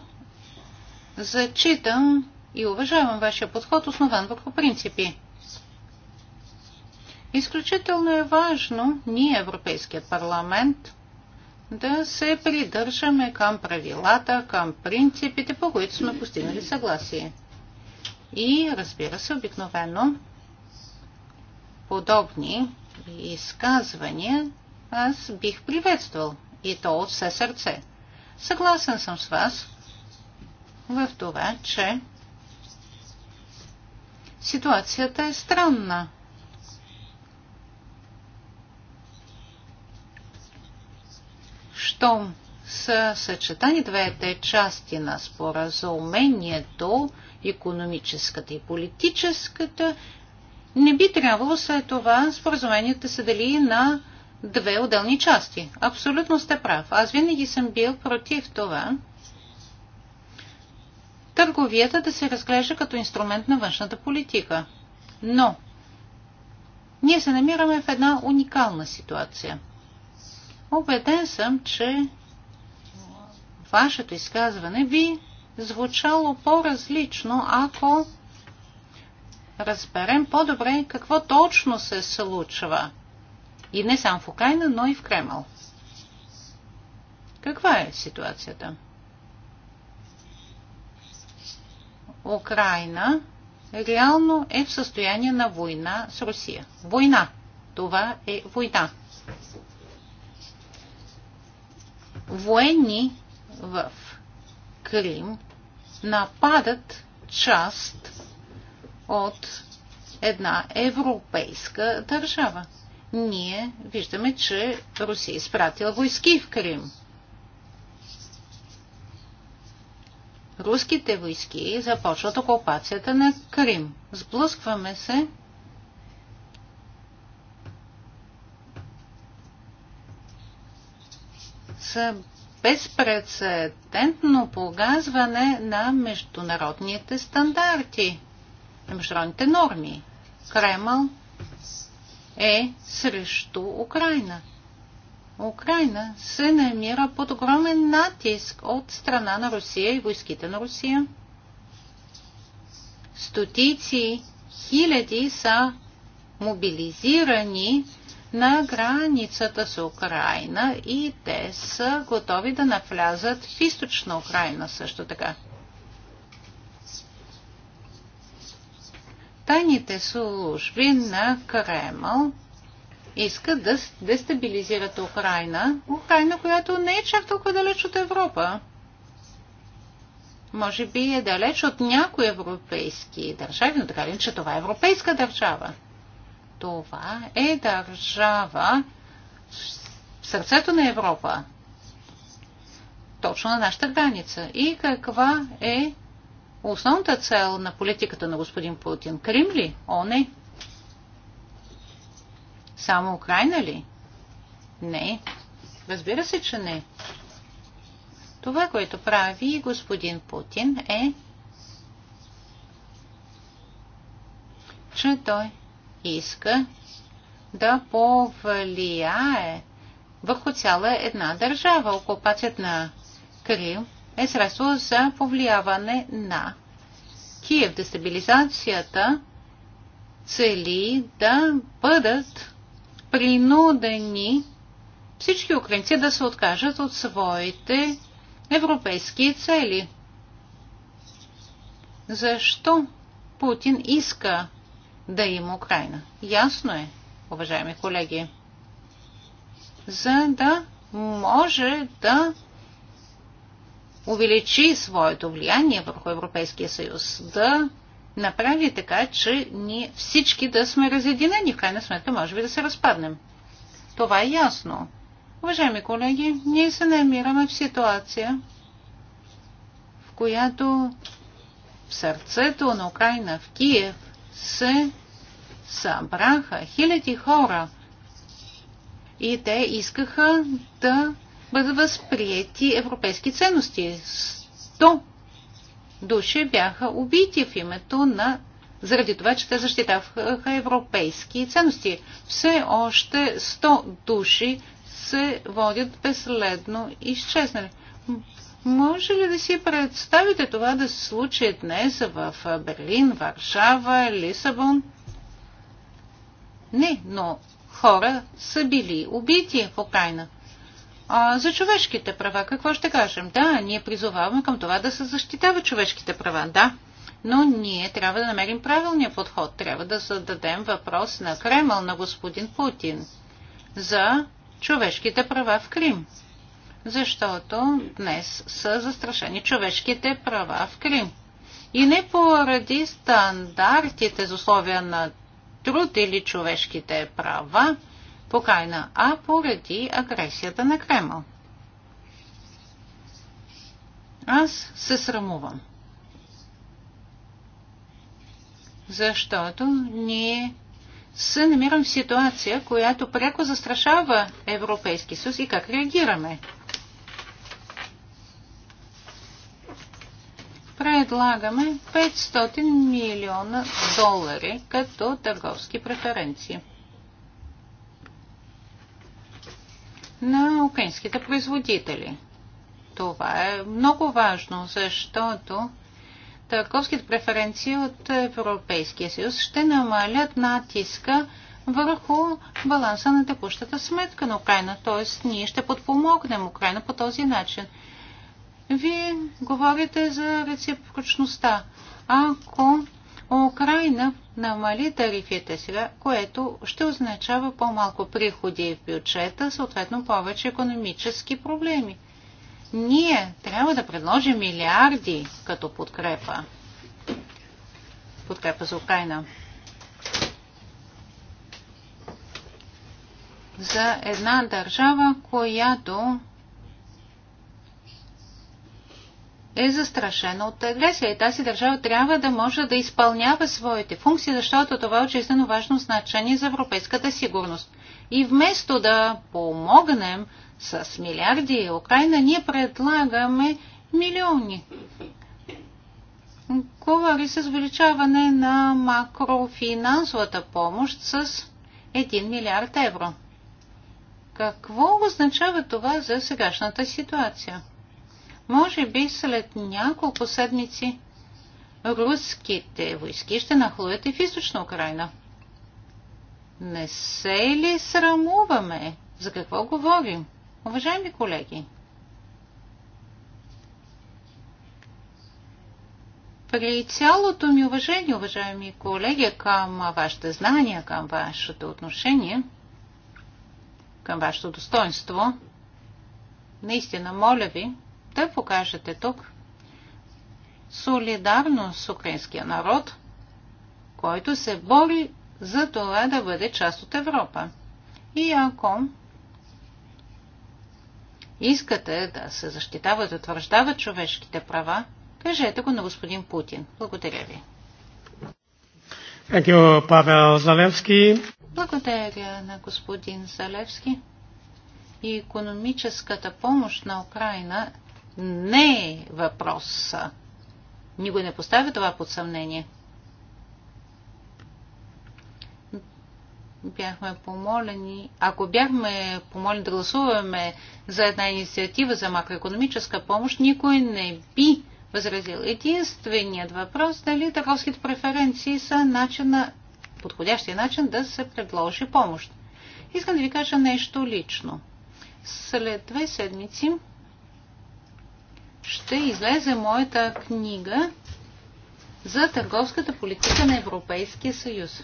[SPEAKER 2] зачитам и уважавам вашия подход, основан върху принципи. Изключително е важно ние, Европейският парламент, да се придържаме към правилата, към принципите, по които сме постигнали съгласие. И разбира се, обикновено подобни изказвания аз бих приветствал и то от все сърце. Съгласен съм с вас в това, че ситуацията е странна. Щом са съчетани двете части на споразумението, економическата и политическата, не би трябвало след това споразуменията се дели на две отделни части. Абсолютно сте прав. Аз винаги съм бил против това търговията да се разглежда като инструмент на външната политика. Но ние се намираме в една уникална ситуация. Обеден съм, че вашето изказване би звучало по-различно, ако разберем по-добре какво точно се случва. И не само в Украина, но и в Кремъл. Каква е ситуацията? Украина реално е в състояние на война с Русия. Война. Това е война. Военни в Крим нападат част от една европейска държава. Ние виждаме, че Русия е изпратила войски в Крим. Руските войски започват окупацията на Крим. Сблъскваме се с безпредседентно погазване на международните стандарти, на международните норми. Кремъл е срещу Украина. Украина се намира под огромен натиск от страна на Русия и войските на Русия. Стотици хиляди са мобилизирани на границата с Украина и те са готови да навлязат в източна Украина също така. Тайните служби на Кремъл искат да дестабилизират Украина, Украина, която не е чак толкова далеч от Европа. Може би е далеч от някои европейски държави, но така ли, че това е европейска държава това е държава в сърцето на Европа, точно на нашата граница. И каква е основната цел на политиката на господин Путин? Крим ли? О, не. Само Украина ли? Не. Разбира се, че не. Това, което прави господин Путин е, че той иска да повлияе върху цяла една държава. Окупацията на Крим е средство за повлияване на Киев. Дестабилизацията цели да бъдат принудени всички украинци да се откажат от своите европейски цели. Защо Путин иска да има Украина. Ясно е, уважаеми колеги. За да може да увеличи своето влияние върху Европейския съюз, да направи така, че ние всички да сме разединени. В крайна сметка, може би да се разпаднем. Това е ясно. Уважаеми колеги, ние се намираме в ситуация, в която в сърцето на Украина, в Киев, се събраха хиляди хора и те искаха да бъдат възприяти европейски ценности. Сто души бяха убити в името на заради това, че те защитаваха европейски ценности. Все още 100 души се водят безследно изчезнали. Може ли да си представите това да се случи днес в Берлин, Варшава, Лисабон? Не, но хора са били убити в Украина. А за човешките права какво ще кажем? Да, ние призоваваме към това да се защитава човешките права, да. Но ние трябва да намерим правилния подход. Трябва да зададем въпрос на Кремъл, на господин Путин за човешките права в Крим защото днес са застрашени човешките права в Крим. И не поради стандартите за условия на труд или човешките права по а поради агресията на Кремъл. Аз се срамувам. Защото ние се намирам в ситуация, която пряко застрашава Европейски съюз и как реагираме. предлагаме 500 милиона долари като търговски преференции на украинските производители. Това е много важно, защото търговските преференции от Европейския съюз ще намалят натиска върху баланса на текущата сметка на Украина. Т.е. ние ще подпомогнем Украина по този начин. Вие говорите за реципрочността. Ако Украина намали тарифите сега, което ще означава по-малко приходи в бюджета, съответно повече економически проблеми. Ние трябва да предложим милиарди като подкрепа. Подкрепа за Украина. За една държава, която е застрашена от агресия и тази държава трябва да може да изпълнява своите функции, защото това е очистено важно значение за европейската сигурност. И вместо да помогнем с милиарди Украина, ние предлагаме милиони. Говори с увеличаване на макрофинансовата помощ с 1 милиард евро. Какво означава това за сегашната ситуация? Може би след няколко седмици руските войски ще нахлуят и в източна Украина. Не се е ли срамуваме? За какво говорим? Уважаеми колеги, при цялото ми уважение, уважаеми колеги, към вашите знания, към вашето отношение, към вашето достоинство, наистина моля ви да покажете тук солидарност с украинския народ, който се бори за това да бъде част от Европа. И ако искате да се защитават и утвърждават човешките права, кажете го на господин Путин. Благодаря ви.
[SPEAKER 6] You, Павел
[SPEAKER 2] Залевски. Благодаря на господин Залевски. И економическата помощ на Украина не е въпрос. Никой не поставя това под съмнение. бяхме помолени, ако бяхме помолени да гласуваме за една инициатива за макроекономическа помощ, никой не би възразил. Единственият въпрос дали търговските преференции са начина, подходящия начин да се предложи помощ. Искам да ви кажа нещо лично. След две седмици ще излезе моята книга за търговската политика на Европейския съюз.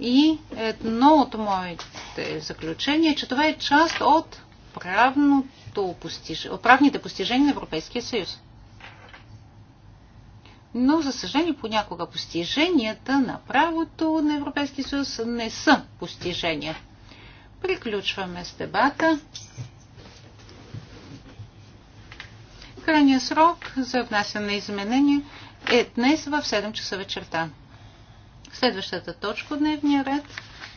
[SPEAKER 2] И едно от моите заключения е, че това е част от правното постиж... от правните постижения на Европейския съюз. Но, за съжаление, понякога постиженията на правото на Европейския съюз не са постижения. Приключваме с дебата. Крайният срок за внасяне на изменения е днес в 7 часа вечерта. Следващата точка от дневния ред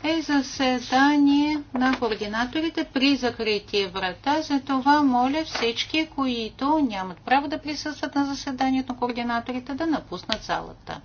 [SPEAKER 2] е заседание на координаторите при закритие врата. За това моля всички, които нямат право да присъстват на заседанието на координаторите, да напуснат залата.